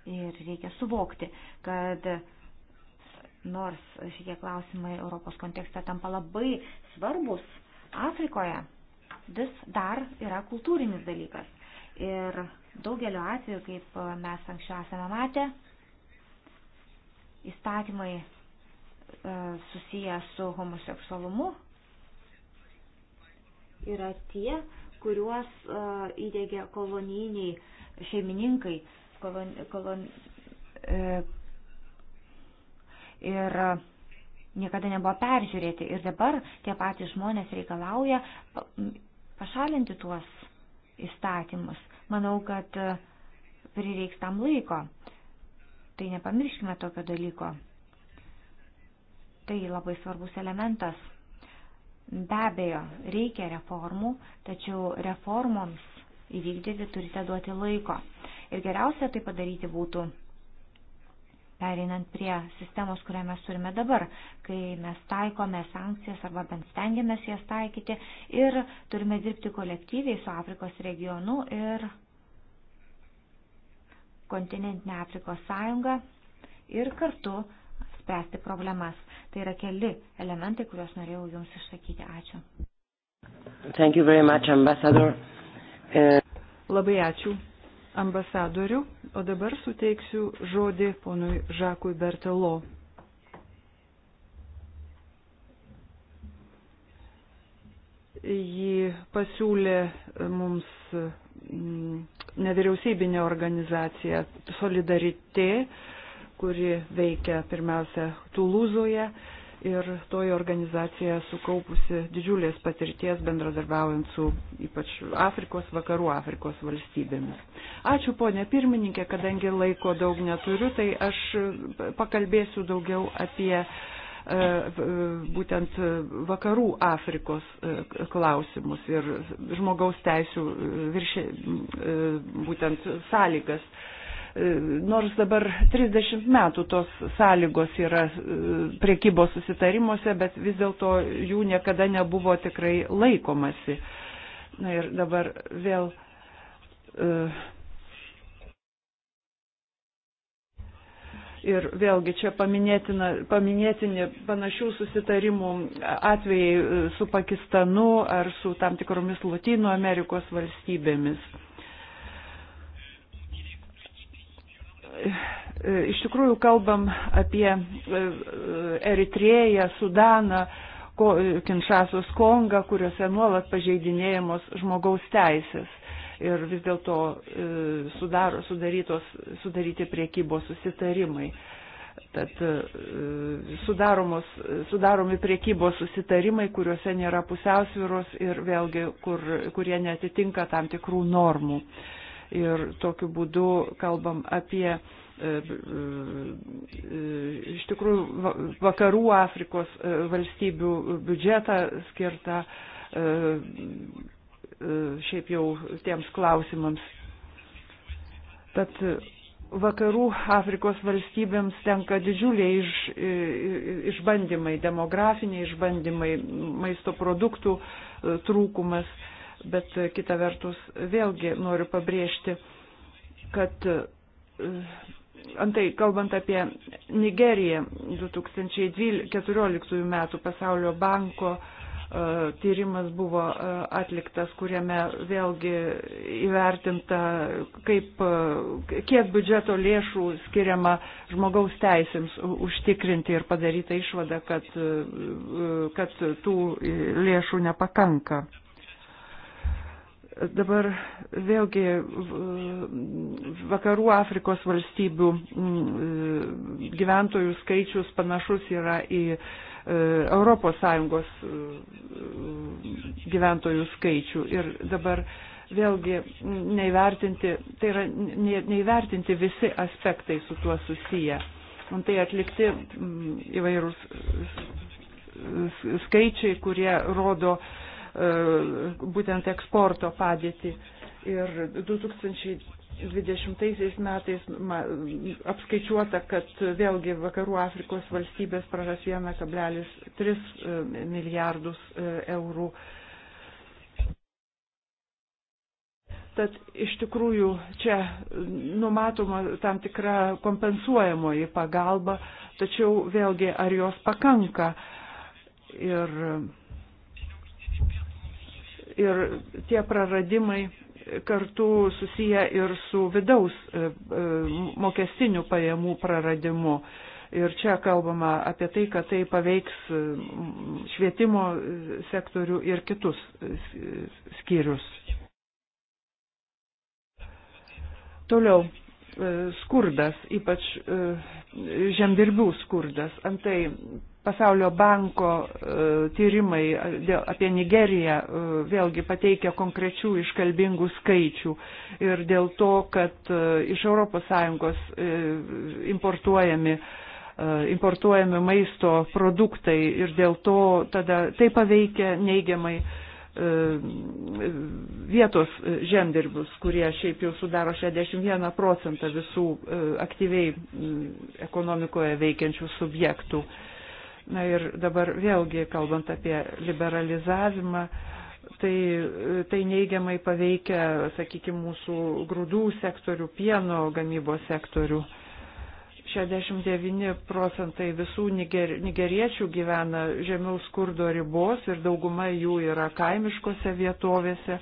Ir reikia suvokti, kad nors šitie klausimai Europos kontekste tampa labai svarbus Afrikoje, vis dar yra kultūrinis dalykas. Ir daugeliu atveju, kaip mes anksčiau esame matę, įstatymai e, susiję su homoseksualumu yra tie, kuriuos e, įdėgė kolonijiniai šeimininkai. Kolon, kolon, e, ir niekada nebuvo peržiūrėti. Ir dabar tie patys žmonės reikalauja pašalinti tuos įstatymus. Manau, kad e, prireiks tam laiko. Tai nepamirškime tokio dalyko. Tai labai svarbus elementas. Be abejo, reikia reformų, tačiau reformoms įvykdyti turite duoti laiko. Ir geriausia tai padaryti būtų pereinant prie sistemos, kurią mes turime dabar, kai mes taikome sankcijas arba bent stengiamės jas taikyti ir turime dirbti kolektyviai su Afrikos regionu ir kontinentinė Afrikos sąjunga ir kartu spręsti problemas. Tai yra keli elementai, kuriuos norėjau Jums išsakyti. Ačiū. Thank you very much, ambasador. Uh... Labai ačiū, ambasadorių, o dabar suteiksiu žodį ponui Žakui Bertelo. Jį pasiūlė mums mm, nevyriausybinė organizacija Solidaritė, kuri veikia pirmiausia Tulūzoje ir toji organizacija sukaupusi didžiulės patirties bendradarbiaujant su ypač Afrikos, vakarų Afrikos valstybėmis. Ačiū ponė pirmininkė, kadangi laiko daug neturiu, tai aš pakalbėsiu daugiau apie e, būtent vakarų Afrikos e, klausimus ir žmogaus teisų e, viršė, būtent sąlygas E, nors dabar 30 metų tos sąlygos yra e, priekybos susitarimuose, bet vis dėlto jų niekada nebuvo tikrai laikomasi. Na ir dabar vėl. E, ir vėlgi čia paminėtini panašių susitarimų atvejai su Pakistanu ar su tam tikromis Latino Amerikos valstybėmis. iš tikrųjų kalbam apie e, e, Eritrėją, Sudaną, e, Kinšasos Kongą, kuriuose nuolat pažeidinėjamos žmogaus teisės. Ir vis dėlto sudaryti priekybos susitarimai. Tad sudaromos, sudaromi priekybos susitarimai, kuriuose nėra pusiausviros ir vėlgi, kur, kurie netitinka tam tikrų normų. Uh, Ir tokiu būdu kalbam apie e, e, e, iš tikrųjų vakarų Afrikos valstybių biudžetą skirtą šiaip jau tiems klausimams. Tad vakarų Afrikos valstybėms tenka didžiuliai iš, išbandymai, demografiniai išbandymai, maisto produktų trūkumas bet kita vertus vėlgi noriu pabrėžti, kad e, antai kalbant apie Nigeriją 2014 metų pasaulio banko e, tyrimas buvo e, atliktas, kuriame vėlgi įvertinta, kaip, kiek biudžeto lėšų skiriama žmogaus teisėms užtikrinti ir padaryta išvada, kad, kad tų lėšų nepakanka dabar vėlgi vakarų Afrikos valstybių gyventojų skaičius panašus yra į ES e, gyventojų skaičių. Ir dabar vėlgi neįvertinti, tai yra neįvertinti visi aspektai su tuo susiję. Man tai atlikti įvairūs skaičiai, kurie rodo, uh, E, būtent eksporto padėtį. Ir 2020 metais apskaičiuota, kad vėlgi Vakarų Afrikos valstybės praras 1,3 e, milijardus e, eurų. Tad iš tikrųjų čia numatoma tam tikra kompensuojamoji pagalba, tačiau vėlgi ar jos pakanka. Ir ir tie praradimai kartu susiję ir su vidaus e, e, mokestinių pajamų praradimu. Ir čia kalbama apie tai, kad tai paveiks e, švietimo sektorių ir kitus skyrius. Toliau skurdas, ypač žemdirbių skurdas. Antai Pasaulio banko e, tyrimai apie Nigeriją e, vėlgi pateikia konkrečių iškalbingų skaičių ir dėl to, kad e, iš ES importuojami, importuojami maisto produktai ir dėl to tada tai paveikia neigiamai vietos žemdirbius, kurie šiaip jau sudaro 61 procentą visų aktyviai ekonomikoje veikiančių subjektų. Na ir dabar vėlgi, kalbant apie liberalizavimą, tai, tai neigiamai paveikia, sakykime, mūsų grūdų sektorių, pieno gamybos sektorių. 69 procentai visų niger, nigeriečių gyvena žemiau skurdo ribos ir dauguma jų yra kaimiškose vietovėse.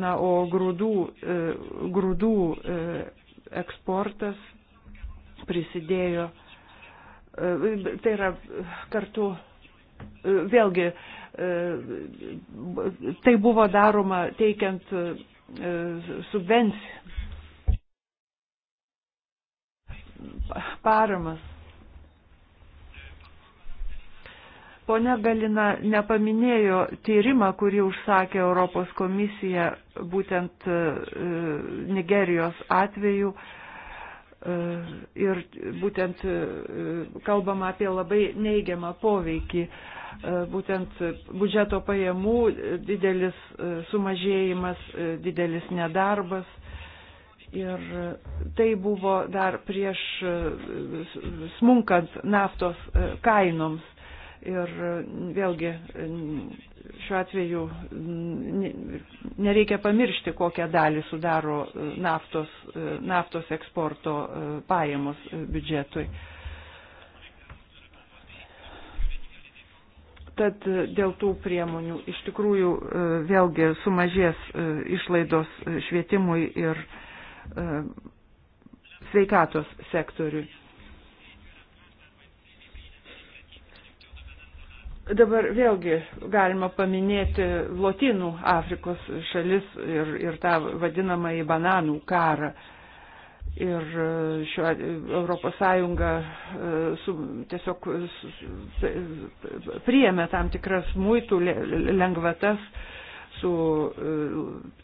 Na, o grūdų, e, grūdų e, eksportas prisidėjo E, tai yra kartu e, vėlgi e, tai buvo daroma teikiant subvenciją, paramas. Pone Galina nepaminėjo tyrimą, kurį užsakė Europos komisija būtent Nigerijos atveju E, ir būtent e, kalbama apie labai neigiamą poveikį, e, būtent budžeto pajamų didelis sumažėjimas, didelis nedarbas. Ir tai buvo dar prieš smunkant naftos kainoms. Ir mm, vėlgi mm, šiuo atveju mm, nereikia pamiršti, kokią dalį sudaro e, naftos, e, naftos eksporto e, pajamos biudžetui. Tad dėl tų priemonių iš tikrųjų vėlgi sumažės išlaidos švietimui ir sveikatos sektoriui. Dabar vėlgi galima paminėti Lotynų Afrikos šalis ir, ir tą vadinamąjį bananų karą. Ir e, šiuo Europos Sąjunga e, su, tiesiog su, e, priėmė tam tikras muitų lengvatas su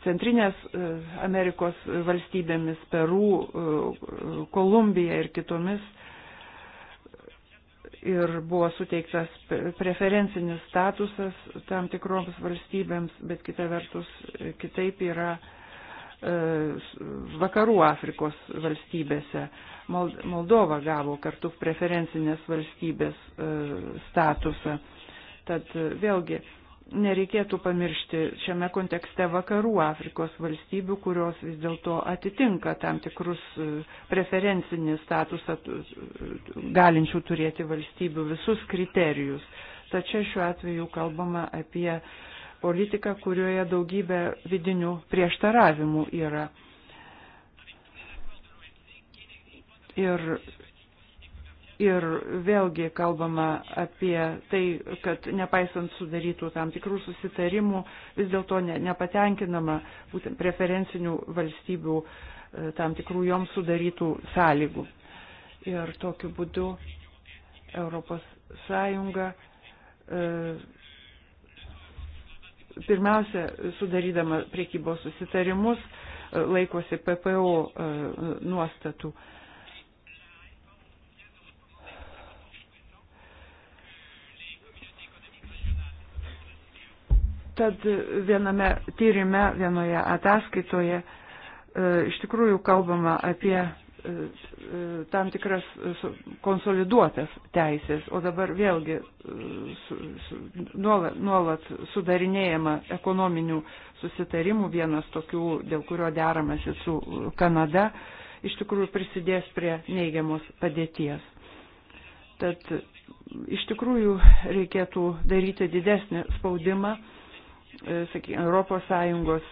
Centrinės Amerikos valstybėmis, Peru, Kolumbija ir kitomis ir buvo suteiktas preferencinis statusas tam tikroms valstybėms, bet kita vertus kitaip yra e, vakarų Afrikos valstybėse. Moldova gavo kartu preferencinės valstybės e, statusą. Tad e, vėlgi nereikėtų pamiršti šiame kontekste vakarų Afrikos valstybių, kurios vis dėlto atitinka tam tikrus e, preferencinį statusą e, galinčių turėti valstybių visus kriterijus. Tačiau šiuo atveju kalbama apie politiką, kurioje daugybė vidinių prieštaravimų yra. Ir Ir vėlgi kalbama apie tai, kad nepaisant sudarytų tam tikrų susitarimų, vis dėlto ne, nepatenkinama būtent preferencinių valstybių e, tam tikrų joms sudarytų sąlygų. Ir tokiu būdu Europos Sąjunga e, pirmiausia, sudarydama priekybos susitarimus, e, laikosi PPO nuostatų. Tad viename tyrime, vienoje ataskaitoje e, iš tikrųjų kalbama apie e, e, tam tikras konsoliduotas teisės, o dabar vėlgi su, su, nuolat, nuolat sudarinėjama ekonominių susitarimų, vienas tokių, dėl kurio deramasi su Kanada, iš tikrųjų prisidės prie neigiamos padėties. Tad iš tikrųjų reikėtų daryti didesnį spaudimą E, saky, Europos, Sąjungos,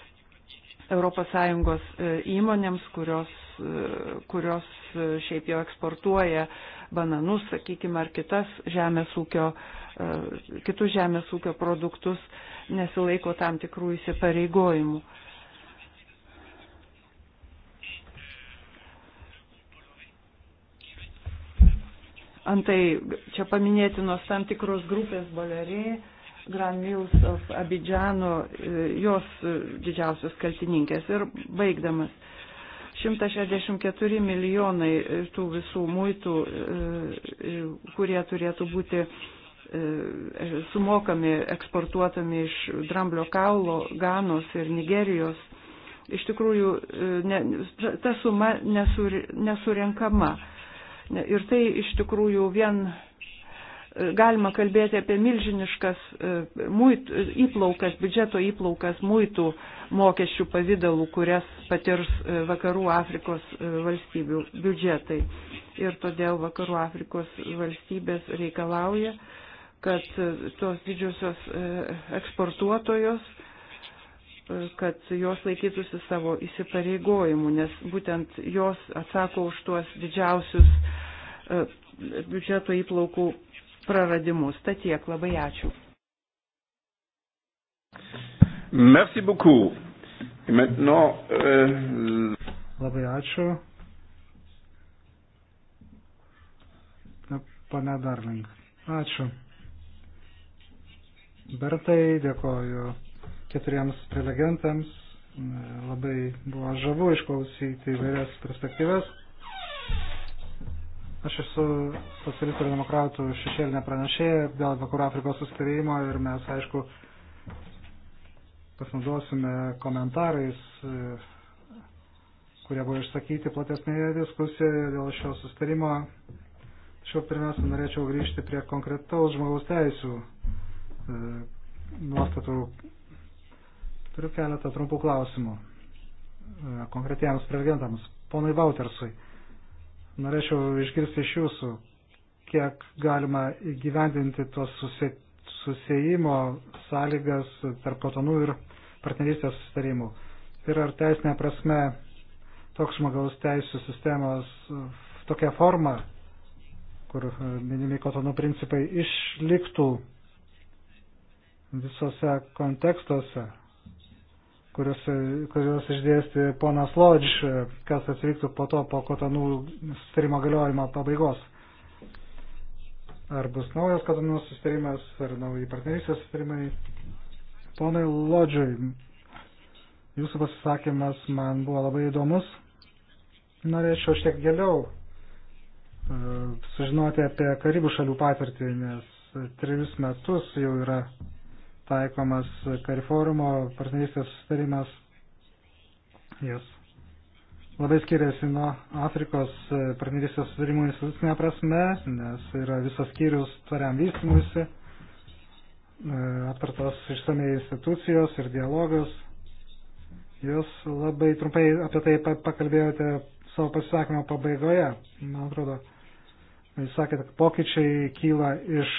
Europos Sąjungos e, įmonėms, kurios, e, kurios šiaip jau eksportuoja bananus, sakykime, ar kitas žemės ūkio, kitus žemės ūkio produktus, nesilaiko tam tikrų įsipareigojimų. Antai čia paminėtinos tam tikros grupės bolerėjai Grand Mills of Abidžano, e, jos e, didžiausios kaltininkės. Ir baigdamas, 164 milijonai e, tų visų muitų, kurie turėtų būti sumokami, eksportuotami iš dramblio kaulo, Ganos ir Nigerijos. Iš tikrųjų, ne, ta suma nesur, nesurenkama. Ir tai iš tikrųjų vien galima kalbėti apie milžiniškas e, muit, įplaukas, biudžeto įplaukas muitų mokesčių pavydalų, kurias patirs e, vakarų Afrikos e, valstybių biudžetai. Ir todėl vakarų Afrikos valstybės reikalauja, kad tos didžiosios eksportuotojos kad jos laikytųsi savo įsipareigojimų, nes būtent jos atsako už tuos didžiausius biudžeto įplaukų praradimus. Tad tiek labai ačiū. Merci beaucoup. Maintenant, euh... Labai ačiū. Pane Darling. Ačiū. Bertai, dėkoju keturiems prelegentams. Labai buvo žavu išklausyti įvairias perspektyvas. Aš esu socialistų ir demokratų šešėlinė pranešėja dėl Vakarų Afrikos sustarėjimo ir mes, aišku, pasinaudosime komentarais, e, kurie buvo išsakyti platesnėje diskusijoje dėl šio sustarimo. Tačiau pirmiausia, norėčiau grįžti prie konkretaus žmogaus teisų e, nuostatų. Turiu keletą trumpų klausimų e, konkretiems prelegentams. Ponai Vautersui. Norėčiau išgirsti iš jūsų, kiek galima įgyvendinti tos susi, susijimo sąlygas tarp kotonų ir partnerystės sustarimų. Ir ar teisinė prasme toks žmogaus teisų sistemos tokia forma, kur minimi kotonų principai išliktų visose kontekstuose, kurios, kurios išdėsti ponas Lodž, kas atsivyktų po to, po kotonų sustarimo galiojimo pabaigos. Ar bus naujas kotonų sustarimas, ar nauji partnerystės sustarimai. Ponai Lodžiui, jūsų pasisakymas man buvo labai įdomus. Norėčiau šiek tiek giliau e, sužinoti apie Karibų šalių patirtį, nes trejus metus jau yra taikomas kariforumo partnerystės sustarimas. Jis labai skiriasi nuo Afrikos partnerystės sustarimų institucinė prasme, nes yra visas skyrius tvariam vystymuisi, aptartos išsamei institucijos ir dialogas. Jūs labai trumpai apie tai pakalbėjote savo pasisakymo pabaigoje, man atrodo. Jūs sakėte, kad pokyčiai kyla iš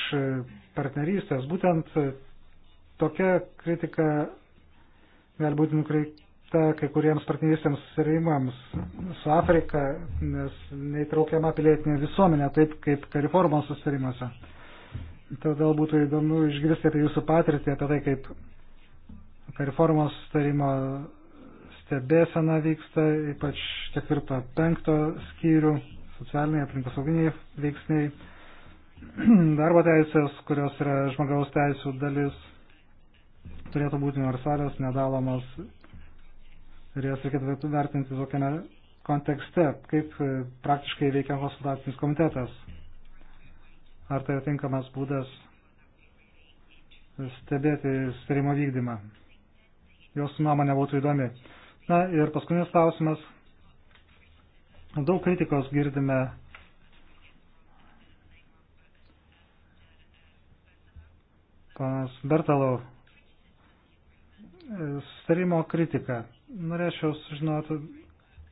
partnerystės. Būtent Tokia kritika gali būti nukreipta kai kuriems partnerystėms susirėjimams su Afrika, nes neįtraukiama pilietinė visuomenė taip kaip reformos susirėjimuose. Todėl būtų įdomu išgirsti apie jūsų patirtį, apie tai, kaip reformos sustarimo stebėsena vyksta, ypač ketvirto, penkto skyrių, socialiniai, aplinkosauginiai veiksniai, darbo teisės, kurios yra žmogaus teisų dalis, turėtų būti universalios, nedalomos ir jas reikėtų vertinti tokiame kontekste, kaip e, praktiškai veikia konsultacinis komitetas. Ar tai tinkamas būdas stebėti starimo vykdymą. Jos nuomonė būtų įdomi. Na ir paskutinis klausimas. Daug kritikos girdime panas Bertalau sustarimo kritiką. Norėčiau sužinoti,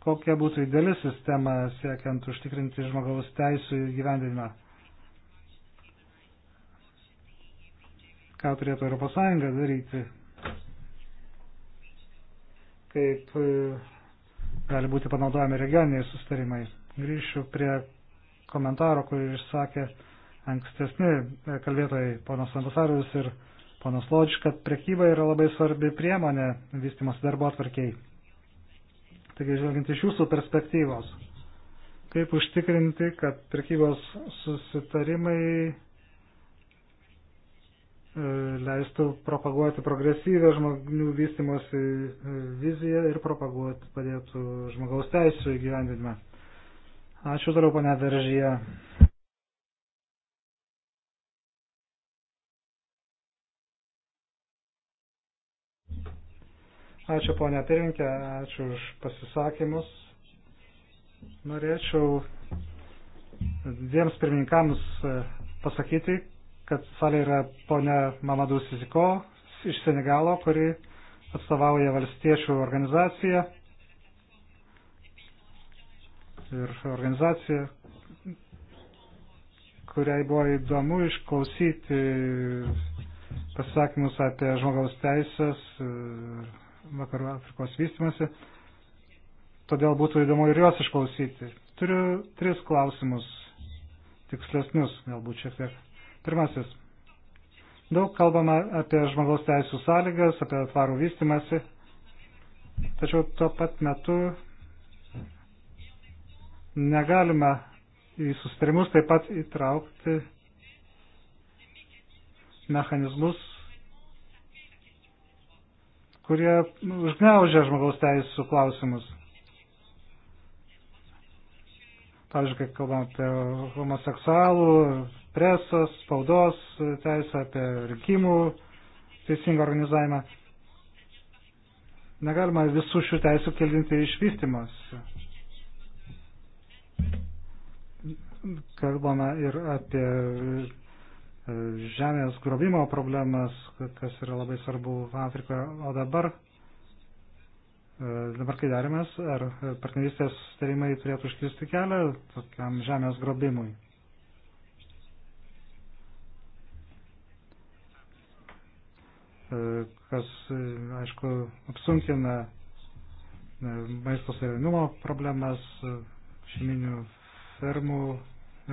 kokia būtų ideali sistema siekiant užtikrinti žmogaus teisų įgyvendinimą. Ką turėtų ES daryti? Kaip e, gali būti panaudojami regioniniai sustarimai? Grįšiu prie komentaro, kurį išsakė ankstesni e, kalbėtojai, ponas ambasadorius ir ponas Lodž, kad prekyba yra labai svarbi priemonė vystimas darbo atvarkiai. Taigi, žvelgiant iš jūsų perspektyvos, kaip užtikrinti, kad prekybos susitarimai e, leistų propaguoti progresyvę žmonių vystimosi e, viziją ir propaguoti padėtų žmogaus teisų įgyvendinimą. Ačiū toliau, pane Veržyje. Ačiū ponia Pirinkė, ačiū už pasisakymus. Norėčiau dviems pirmininkams e, pasakyti, kad salė yra ponia Mamadou Siziko iš Senegalo, kuri atstovauja valstiečių organizaciją. Ir organizacija, kuriai buvo įdomu išklausyti pasisakymus apie žmogaus teisės e, vakarų Afrikos vystimasi. Todėl būtų įdomu ir juos išklausyti. Turiu tris klausimus, tikslesnius galbūt šiek tiek. Pirmasis. Daug kalbama apie žmogaus teisų sąlygas, apie tvarų vystimasi, tačiau tuo pat metu negalime į sustarimus taip pat įtraukti mechanizmus kurie užgneužia žmogaus teisų klausimus. Pavyzdžiui, kai kalbam apie homoseksualų, presos, spaudos teisę, apie rinkimų teisingą organizavimą. Negalima visų šių teisų keldinti iš vystimas. Kalbama ir apie žemės grobimo problemas, kas yra labai svarbu Afrikoje. O dabar, e, dabar kai darėmės, ar partnerystės tarimai turėtų užkirsti kelią tokiam žemės grobimui? E, kas, aišku, apsunkina e, maisto suverenumo problemas, šeiminių fermų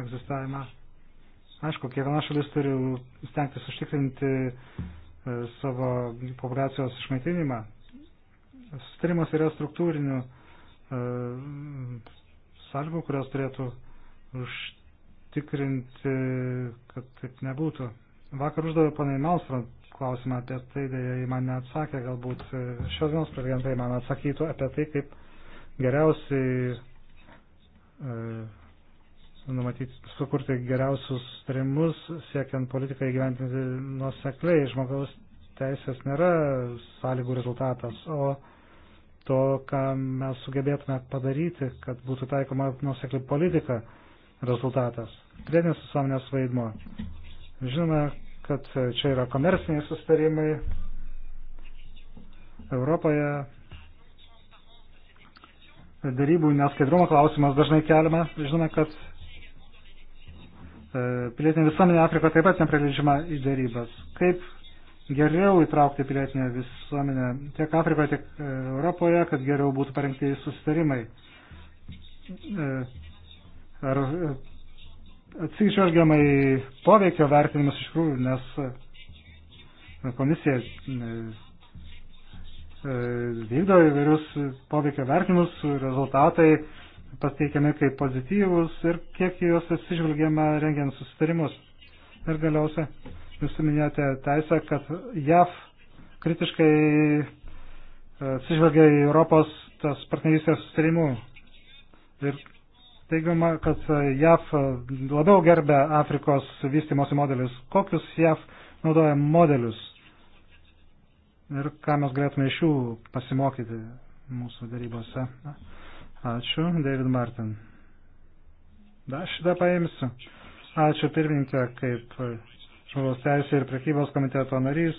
egzistavimą. Aišku, kiekviena šalis turi stengtis užtikrinti e, savo populiacijos išmaitinimą. Sustarimas yra struktūrinių e, sąlygų, kurios turėtų užtikrinti, kad taip nebūtų. Vakar uždavė panai Malstrand klausimą apie tai, dėja į mane atsakė, galbūt e, šios dienos prelegentai man atsakytų apie tai, kaip geriausiai numatyti, sukurti geriausius sutarimus, siekiant politiką įgyventinti nuosekliai. Žmogaus teisės nėra sąlygų rezultatas, o to, ką mes sugebėtume padaryti, kad būtų taikoma nuosekli politika rezultatas. Pilietinės visuomenės vaidmo. Žinome, kad čia yra komerciniai sustarimai Europoje. Darybų neskaidrumo klausimas dažnai keliama. Žinome, kad E, pilietinė visuomenė Afrikoje taip pat neprileidžiama į dėrybas. Kaip geriau įtraukti pilietinę visuomenę tiek Afrikoje, tiek e, Europoje, kad geriau būtų parengti susitarimai? E, ar atsižvelgiama į poveikio vertinimus iš tikrųjų, nes komisija vykdo įvairius poveikio vertinimus, rezultatai pateikiami kaip pozityvus ir kiek juos atsižvelgiama rengiant susitarimus. Ir galiausia, jūs minėjote teisę, kad JAV kritiškai e, atsižvelgia į Europos tas partnerystės susitarimų. Ir teigiama, kad e, JAV e, labiau gerbė Afrikos vystimosi modelius. Kokius JAV naudoja modelius? Ir ką mes galėtume iš jų pasimokyti mūsų darybose? Na. Ačiū, David Martin. Na, šitą paimsiu. Ačiū pirmininkė, kaip žmogaus teisė ir prekybos komiteto narys.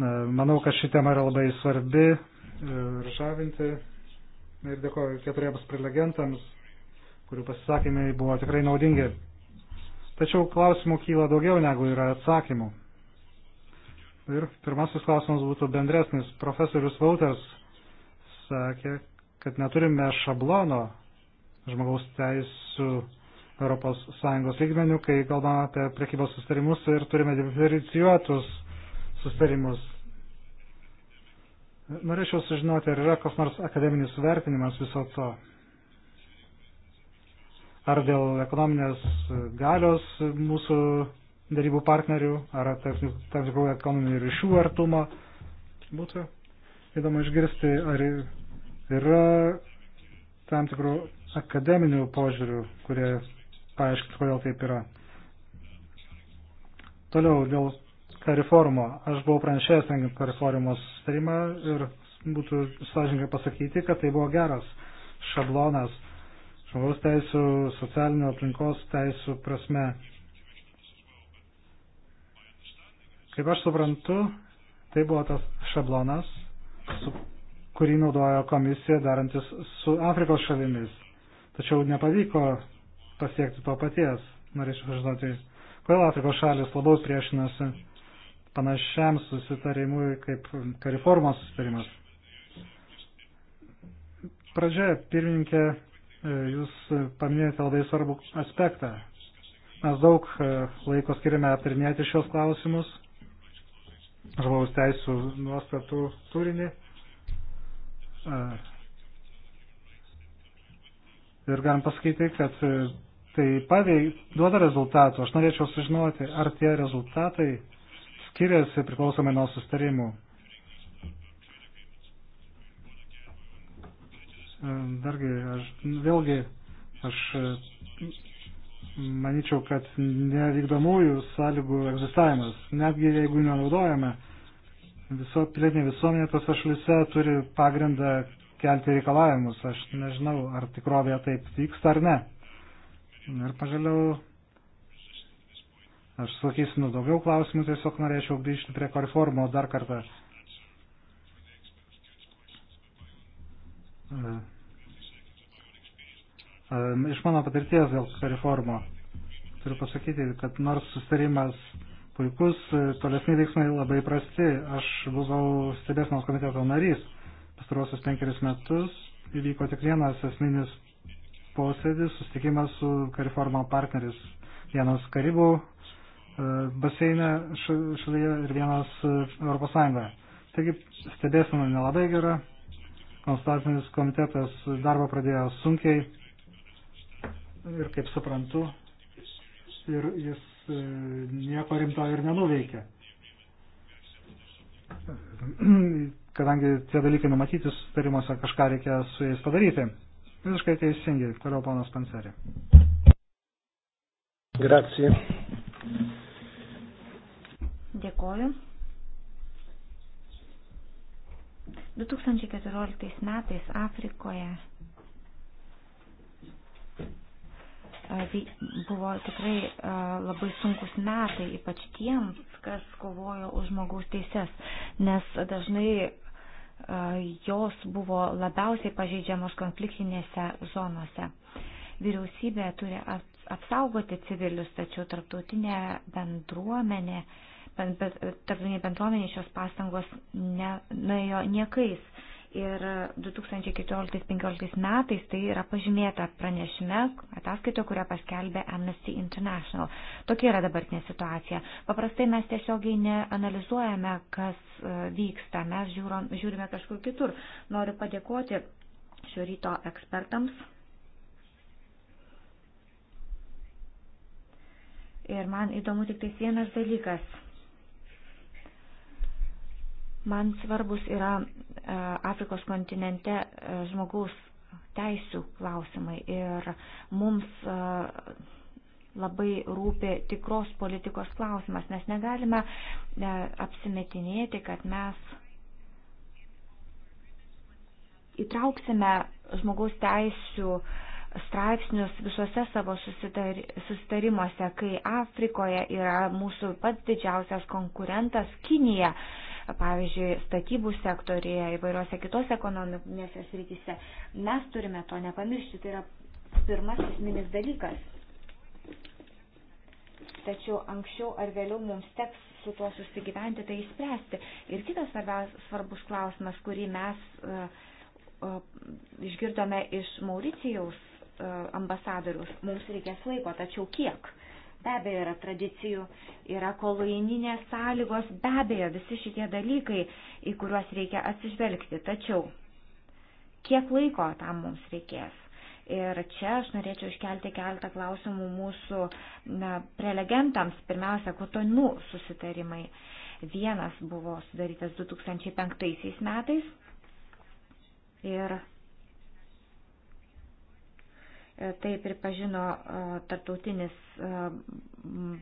Manau, kad ši tema yra labai svarbi ir žavinti. Ir dėkoju keturiems prelegentams, kurių pasisakymai buvo tikrai naudingi. Tačiau klausimų kyla daugiau negu yra atsakymų. Ir pirmasis klausimas būtų bendresnis. Profesorius Vauters sakė, kad neturime šablono žmogaus teisų ES lygmenių, kai kalbame apie prekybos sustarimus ir turime diferencijuotus sustarimus. Norėčiau sužinoti, ar yra kas nors akademinis vertinimas viso to. Ar dėl ekonominės galios mūsų darybų partnerių, ar tam tikrų ekonominių ryšių artumo. Būtų įdomu išgirsti, ar Yra tam tikrų akademinių požiūrių, kurie paaiškins, kodėl taip yra. Toliau dėl kariformo. Aš buvau pranešėjęs rengiant kariformo sustarimą ir būtų sąžininkai pasakyti, kad tai buvo geras šablonas žmogaus teisų, socialinio aplinkos teisų prasme. Kaip aš suprantu, tai buvo tas šablonas, su kurį naudojo komisija darantis su Afrikos šalimis. Tačiau nepavyko pasiekti to paties. Norėčiau žinoti, kodėl Afrikos šalis labiau priešinasi panašiam susitarimui kaip kariformos susitarimas. Pradžioje, pirmininkė, e, jūs paminėjote labai svarbų aspektą. Mes daug e, laiko skirime aptarinėti šios klausimus, žmogaus teisų nuostatų turinį Ir galim pasakyti, kad e, tai paveik, duoda rezultatų. Aš norėčiau sužinoti, ar tie rezultatai skiriasi priklausomai nuo sustarimų. E, dargi, aš vėlgi, aš e, manyčiau, kad nevykdomųjų sąlygų egzistavimas, netgi jeigu nenaudojame viso, pilietinė visuomenė tose šalise turi pagrindą kelti reikalavimus. Aš nežinau, ar tikrovėje taip vyksta ar ne. Ir pažaliau, aš sakysinu daugiau klausimų, tiesiog norėčiau grįžti prie korformo dar kartą. E, e, iš mano patirties dėl reformo turiu pasakyti, kad nors sustarimas puikus, e, tolesni veiksmai labai prasti. Aš buvau stebėsnos komiteto narys. Pastaruosius penkerius metus įvyko tik vienas esminis posėdis, sustikimas su Kariformo partneris. Vienas Karibų e, baseine šalyje ir vienas e, Europos Sąjungoje. Taigi stebėsena nelabai gera. Konstatinis komitetas darbą pradėjo sunkiai ir kaip suprantu, ir jis E, nieko rimto ir nenuveikia. Kadangi tie dalykai numatyti sustarimuose, kažką reikia su jais padaryti. Visiškai teisingai. Toliau ponas Panseri. Grazie. Dėkoju. 2014 metais Afrikoje buvo tikrai labai sunkus metai, ypač tiems, kas kovojo už žmogaus teises, nes dažnai jos buvo labiausiai pažeidžiamos konfliktinėse zonose. Vyriausybė turi apsaugoti civilius, tačiau tarptautinė bendruomenė, tarptautinė bendruomenė šios pastangos nenuėjo niekais. Ir 2014-2015 metais tai yra pažymėta pranešime, ataskaito, kurią paskelbė Amnesty International. Tokia yra dabartinė situacija. Paprastai mes tiesiogiai neanalizuojame, kas e, vyksta, mes žiūrime kažkur kitur. Noriu padėkoti šio ryto ekspertams. Ir man įdomu tik tais vienas dalykas. Man svarbus yra E, Afrikos kontinente e, žmogaus teisų klausimai ir mums e, labai rūpi tikros politikos klausimas, nes negalime apsimetinėti, kad mes įtrauksime žmogaus teisų straipsnius visuose savo susitarimuose, kai Afrikoje yra mūsų pats didžiausias konkurentas Kinija pavyzdžiui, statybų sektorėje, įvairiuose kitose ekonominėse srityse. Mes turime to nepamiršti, tai yra pirmasis minis dalykas. Tačiau anksčiau ar vėliau mums teks su tuo susigyventi, tai įspręsti. Ir kitas svarbus klausimas, kurį mes uh, uh, išgirdome iš Mauricijaus uh, e, ambasadorius, mums reikės laiko, tačiau kiek? Be abejo, yra tradicijų, yra kolaininės sąlygos, be abejo, visi šitie dalykai, į kuriuos reikia atsižvelgti. Tačiau, kiek laiko tam mums reikės? Ir čia aš norėčiau iškelti keletą klausimų mūsų na, prelegentams. Pirmiausia, kotonų susitarimai. Vienas buvo sudarytas 2005 metais ir Tai pripažino e, tartautinis e,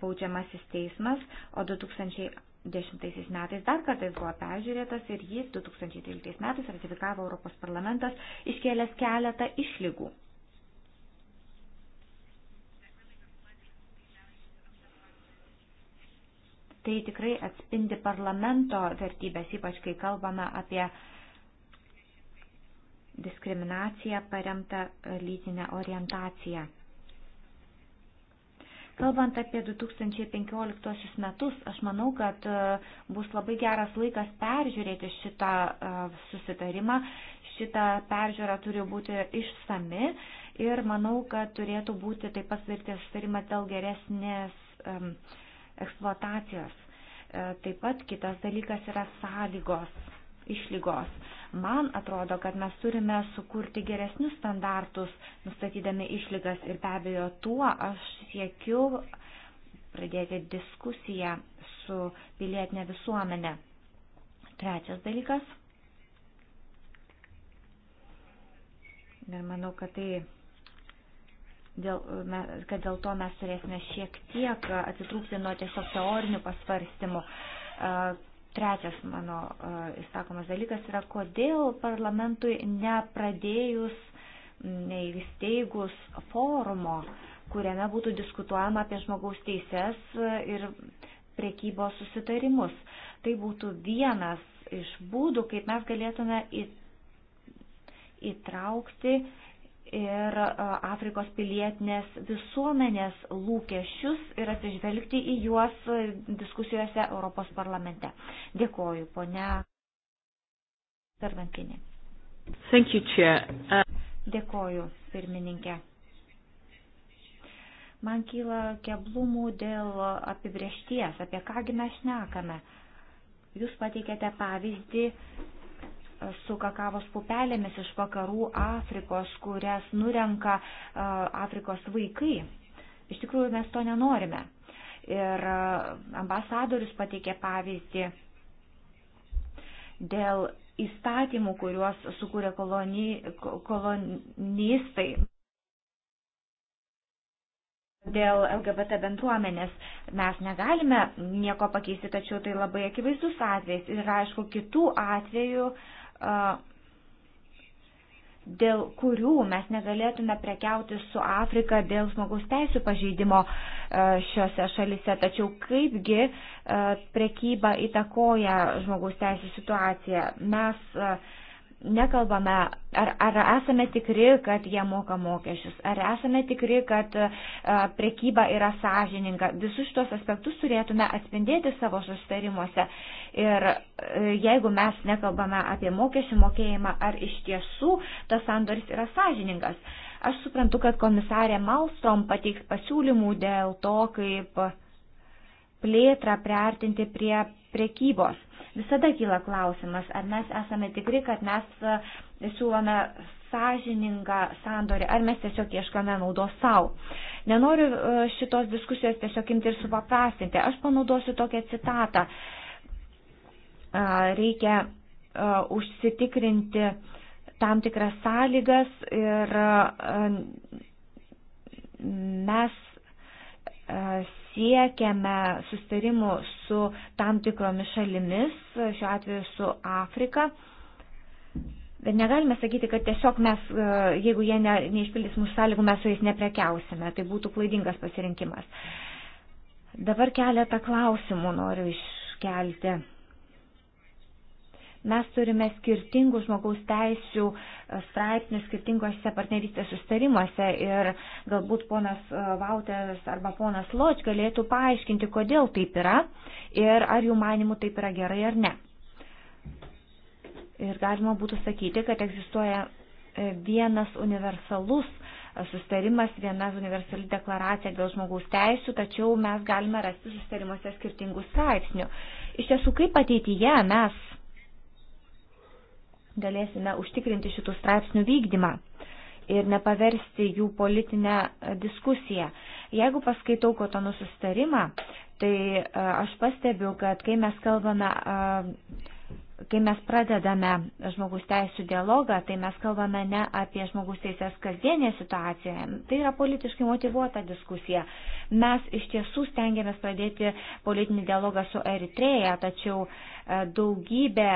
baudžiamasis teismas, o 2010 metais dar kartais buvo peržiūrėtas ir jis 2013 metais ratifikavo Europos parlamentas iškėlęs keletą išlygų. Tai tikrai atspindi parlamento vertybės, ypač kai kalbame apie uh, diskriminacija paremta lytinė orientacija. Kalbant apie 2015 metus, aš manau, kad e, bus labai geras laikas peržiūrėti šitą e, susitarimą. Šita peržiūra turi būti išsami ir manau, kad turėtų būti taip pat sudaryti susitarimas dėl geresnės eksploatacijos. E, taip pat kitas dalykas yra sąlygos, išlygos Man atrodo, kad mes turime sukurti geresnius standartus, nustatydami išlygas ir be abejo tuo aš siekiu pradėti diskusiją su pilietinė visuomenė. Trečias dalykas. Ir manau, kad tai dėl, kad dėl to mes turėsime šiek tiek atitrūkti nuo tiesiog teorinių pasvarstymų. Trečias mano e, įsakomas dalykas yra, kodėl parlamentui nepradėjus, neįsteigus forumo, kuriame būtų diskutuojama apie žmogaus teises e, ir priekybos susitarimus. Tai būtų vienas iš būdų, kaip mes galėtume įtraukti ir e, Afrikos pilietinės visuomenės lūkesčius ir atsižvelgti į juos e, diskusijose Europos parlamente. Dėkoju, ponia Tarvankinė. Uh, Dėkoju, pirmininkė. Man kyla keblumų dėl apibriešties, apie kągi mes šnekame. Jūs pateikėte pavyzdį su kakavos pupelėmis iš vakarų Afrikos, kurias nurenka Afrikos vaikai. Iš tikrųjų, mes to nenorime. Ir ambasadorius pateikė pavyzdį dėl įstatymų, kuriuos sukūrė koloni, kolonistai dėl LGBT bendruomenės mes negalime nieko pakeisti, tačiau tai labai akivaizdus atvejs. Ir aišku, kitų atvejų, dėl kurių mes negalėtume prekiauti su Afrika dėl žmogaus teisų pažeidimo šiuose šalise. Tačiau kaipgi prekyba įtakoja žmogaus teisų situaciją? Mes nekalbame, ar, ar esame tikri, kad jie moka mokesčius, ar esame tikri, kad a, e, prekyba yra sąžininga. Visus šitos aspektus turėtume atspindėti savo susitarimuose. Ir a, e, jeigu mes nekalbame apie mokesčių mokėjimą, ar iš tiesų tas sandoris yra sąžiningas. Aš suprantu, kad komisarė Malstrom pateiks pasiūlymų dėl to, kaip plėtrą priartinti prie prekybos. Visada kyla klausimas, ar mes esame tikri, kad mes e, siūlome sąžiningą sandorį, ar mes tiesiog ieškame naudos savo. Nenoriu e, šitos diskusijos tiesiog imti ir supaprastinti. Aš panaudosiu tokią citatą. E, reikia užsitikrinti tam tikras sąlygas ir mes siekiame sustarimų su tam tikromis šalimis, šiuo atveju su Afrika. Bet negalime sakyti, kad tiesiog mes, e, jeigu jie ne, neišpildys mūsų sąlygų, mes su jais neprekiausime. Tai būtų klaidingas pasirinkimas. Dabar keletą klausimų noriu iškelti. Mes turime skirtingų žmogaus teisų e, straipsnių skirtingose partnerystės sustarimuose ir galbūt ponas e, Vauteris arba ponas Loč galėtų paaiškinti, kodėl taip yra ir ar jų manimų taip yra gerai ar ne. Ir galima būtų sakyti, kad egzistuoja e, vienas universalus sustarimas, viena universali deklaracija dėl žmogaus teisų, tačiau mes galime rasti sustarimuose skirtingų straipsnių. Iš tiesų, kaip ateityje mes galėsime užtikrinti šitų straipsnių vykdymą ir nepaversti jų politinę diskusiją. Jeigu paskaitau kotonų sustarimą, tai e, aš pastebiu, kad kai mes kalbame e, kai mes pradedame žmogus teisų dialogą, tai mes kalbame ne apie žmogus teisės kasdienę situaciją. Tai yra politiškai motivuota diskusija. Mes iš tiesų stengiamės pradėti politinį dialogą su Eritreja, tačiau e, daugybė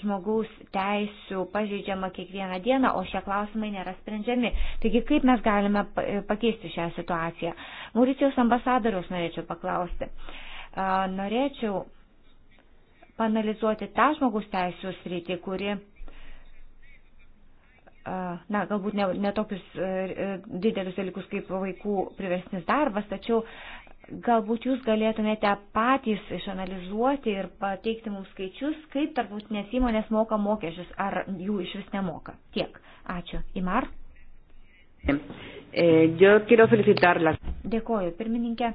žmogaus teisų pažeidžiama kiekvieną dieną, o šie klausimai nėra sprendžiami. Taigi kaip mes galime e, pakeisti šią situaciją? Mauricijos ambasadoriaus norėčiau paklausti. Norėčiau panalizuoti tą žmogus teisų sritį, kuri, na, galbūt ne, ne tokius didelius dalykus kaip vaikų priversnis darbas, tačiau galbūt jūs galėtumėte patys išanalizuoti ir pateikti mums skaičius, kaip tarptautinės įmonės moka mokesčius, ar jų iš vis nemoka. Tiek. Ačiū. Imar. Eh, Dėkoju, pirmininkė.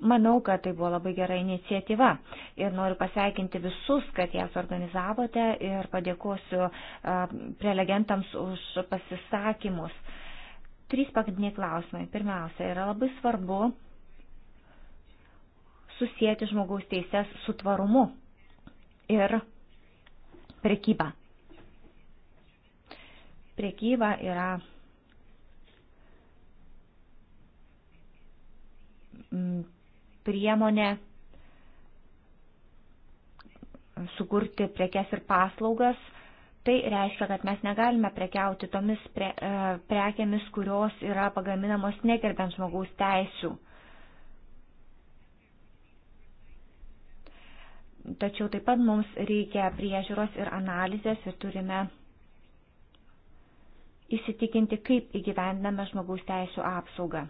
Manau, kad tai buvo labai gera iniciatyva ir noriu pasveikinti visus, kad ją suorganizavote ir padėkosiu prelegentams už pasisakymus. Trys pagrindiniai klausimai. Pirmiausia, yra labai svarbu susijęti žmogaus teises su tvarumu ir prekyba. Prekyba yra priemonė sukurti prekes ir paslaugas. Tai reiškia, kad mes negalime prekiauti tomis pre, e, prekiamis, kurios yra pagaminamos negerbiant žmogaus teisų. Tačiau taip pat mums reikia priežiūros ir analizės ir turime įsitikinti, kaip įgyvendiname žmogaus teisų apsaugą.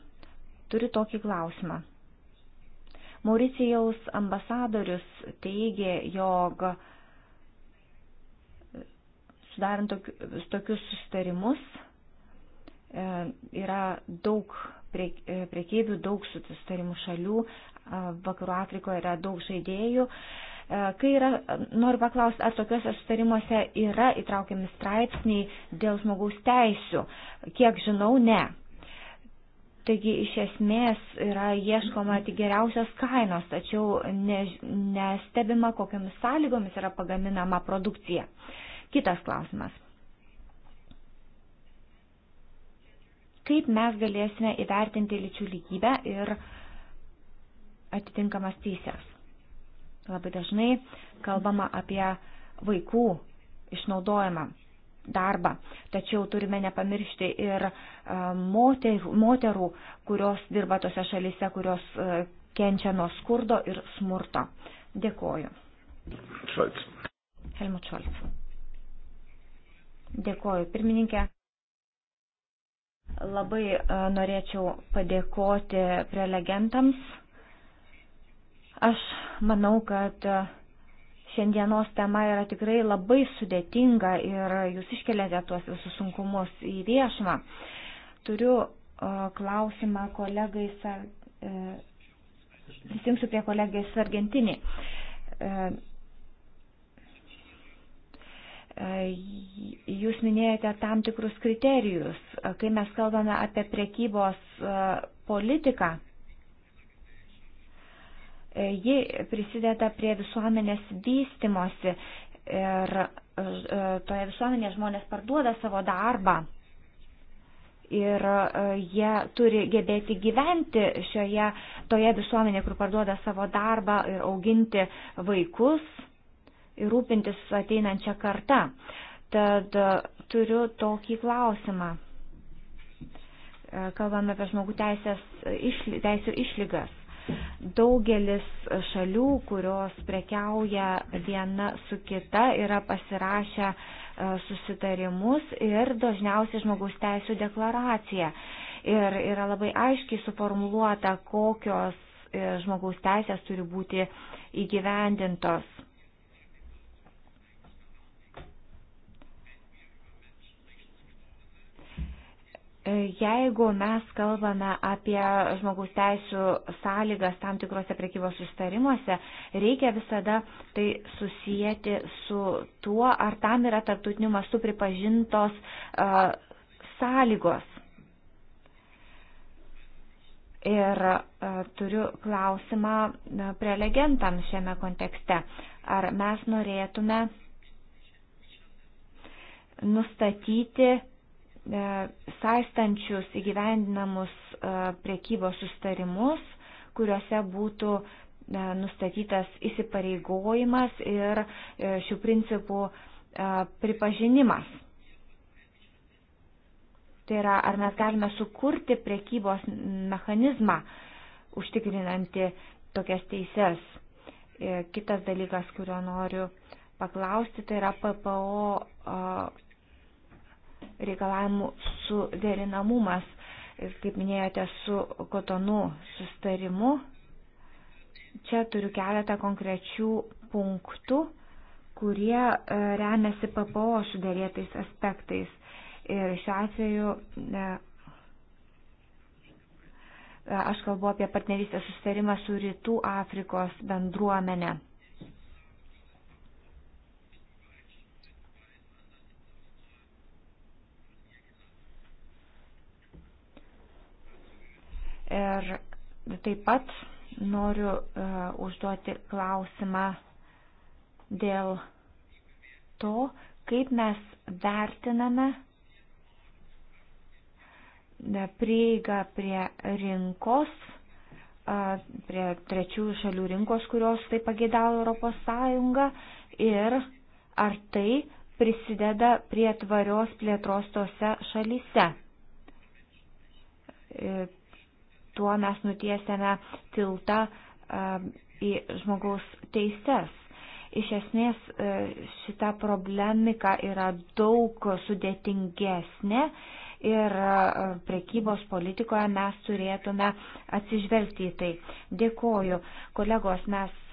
Turiu tokį klausimą. Mauricijaus ambasadorius teigė, jog sudarant tokius sustarimus e, yra daug e, priekeivių, daug sustarimų šalių, vakarų Afrikoje yra daug žaidėjų. E, kai yra, noriu paklausti, ar tokiuose sustarimuose yra įtraukiami straipsniai dėl žmogaus teisių? Kiek žinau, ne. Taigi iš esmės yra ieškoma tik geriausios kainos, tačiau ne, nestebima, kokiamis sąlygomis yra pagaminama produkcija. Kitas klausimas. Kaip mes galėsime įvertinti lyčių lygybę ir atitinkamas teisės? Labai dažnai kalbama apie vaikų išnaudojimą darbą. Tačiau turime nepamiršti ir e, moterų, moterų kurios dirba tose šalise, kurios e, kenčia nuo skurdo ir smurto. Dėkoju. Šolc. Helmut Šolc. Dėkoju, pirmininkė. Labai e, norėčiau padėkoti prelegentams. Aš manau, kad Šiandienos tema yra tikrai labai sudėtinga ir jūs iškeliate tuos visus sunkumus į viešumą. Turiu klausimą kolegai, prisijungsiu e, prie kolegės Argentinį. E, e, jūs minėjote tam tikrus kriterijus, kai mes kalbame apie prekybos politiką E, ji prisideda prie visuomenės vystimosi ir e, toje visuomenėje žmonės parduoda savo darbą ir e, jie turi gebėti gyventi šioje, toje visuomenėje, kur parduoda savo darbą ir auginti vaikus ir rūpintis ateinančią kartą. Tad turiu tokį klausimą. Kalbame apie žmogų teisės, išly, teisų išlygas. Daugelis šalių, kurios prekiauja viena su kita, yra pasirašę e, susitarimus ir dažniausiai žmogaus teisų deklaraciją. Ir yra labai aiškiai suformuluota, kokios e, žmogaus teisės turi būti įgyvendintos Jeigu mes kalbame apie žmogaus teisų sąlygas tam tikrose prekybos sustarimuose, reikia visada tai susijęti su tuo, ar tam yra tarptautiniu mastu pripažintos uh, sąlygos. Ir uh, turiu klausimą uh, prelegentams šiame kontekste. Ar mes norėtume nustatyti E, saistančius įgyvendinamus e, priekybos sustarimus, kuriuose būtų e, nustatytas įsipareigojimas ir šių principų pripažinimas. Tai yra, ar mes galime sukurti priekybos mechanizmą, užtikrinantį tokias teises. Kitas dalykas, kurio noriu paklausti, tai yra PPO reikalavimų suderinamumas, kaip minėjote, su kotonų sustarimu. Čia turiu keletą konkrečių punktų, kurie e, remiasi PPO sudėrėtais aspektais. Ir šiuo atveju e, e, aš kalbu apie partnerystės sustarimą su Rytų Afrikos bendruomenė. Ir taip pat noriu uh, užduoti klausimą dėl to, kaip mes vertiname e, prieigą prie rinkos, e, prie trečiųjų šalių rinkos, kurios tai pagėdavo Europos Sąjunga ir ar tai prisideda prie tvarios plėtros tose šalyse tuo mes nutiesėme tiltą e, į žmogaus teises. Iš esmės e, šita problemika yra daug sudėtingesnė ir e, prekybos politikoje mes turėtume atsižvelgti į tai. Dėkoju, kolegos, mes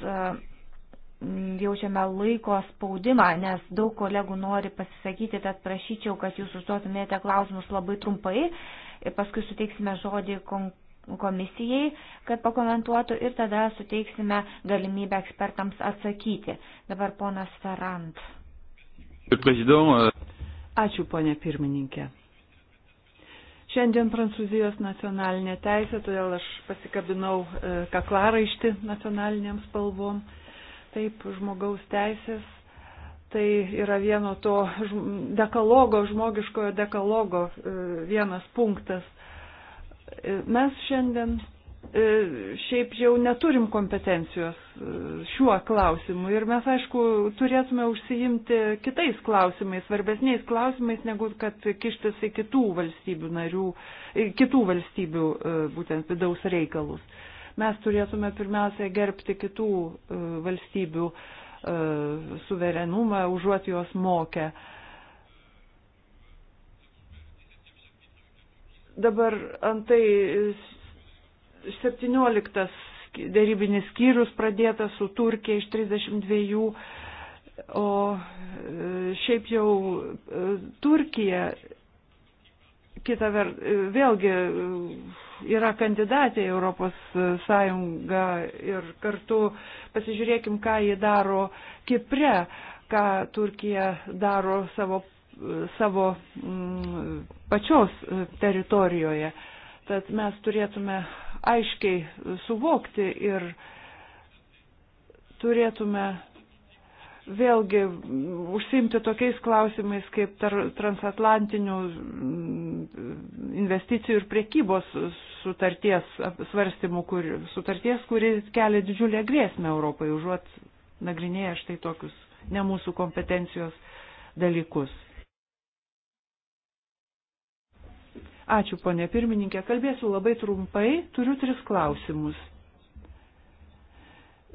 jaučiame laiko spaudimą, nes daug kolegų nori pasisakyti, tad prašyčiau, kad jūs užduotumėte klausimus labai trumpai ir paskui suteiksime žodį kon komisijai, kad pakomentuotų ir tada suteiksime galimybę ekspertams atsakyti. Dabar ponas Ferrand. Euh, Ačiū, ponė pirmininkė. Šiandien Prancūzijos nacionalinė teisė, todėl aš pasikabinau e, kaklaraišti nacionaliniam spalvom. Taip, žmogaus teisės, tai yra vieno to dekalogo, žmogiškojo dekalogo e, vienas punktas Mes šiandien e, šiaip jau neturim kompetencijos e, šiuo klausimu ir mes, aišku, turėtume užsiimti kitais klausimais, svarbesniais klausimais, negu kad kištis į kitų valstybių narių, kitų valstybių e, būtent vidaus reikalus. Mes turėtume pirmiausia gerbti kitų valstybių suverenumą, užuot juos mokę. Dabar antai 17 dėrybinis skyrius pradėtas su Turkija iš 32, o e, šiaip jau e, Turkija kita ver, e, vėlgi yra kandidatė į Europos Sąjungą ir kartu pasižiūrėkim, ką jį daro Kipre, ką Turkija daro savo savo mm, pačios e, teritorijoje. Tad mes turėtume aiškiai suvokti ir turėtume vėlgi mm, užsimti tokiais klausimais kaip tar, transatlantinių mm, investicijų ir priekybos sutarties svarstymų, kur, sutarties, kuri kelia didžiulę grėsmę Europai, užuot nagrinėję štai tokius ne mūsų kompetencijos dalykus. Ačiū, ponė pirmininkė. Kalbėsiu labai trumpai, turiu tris klausimus.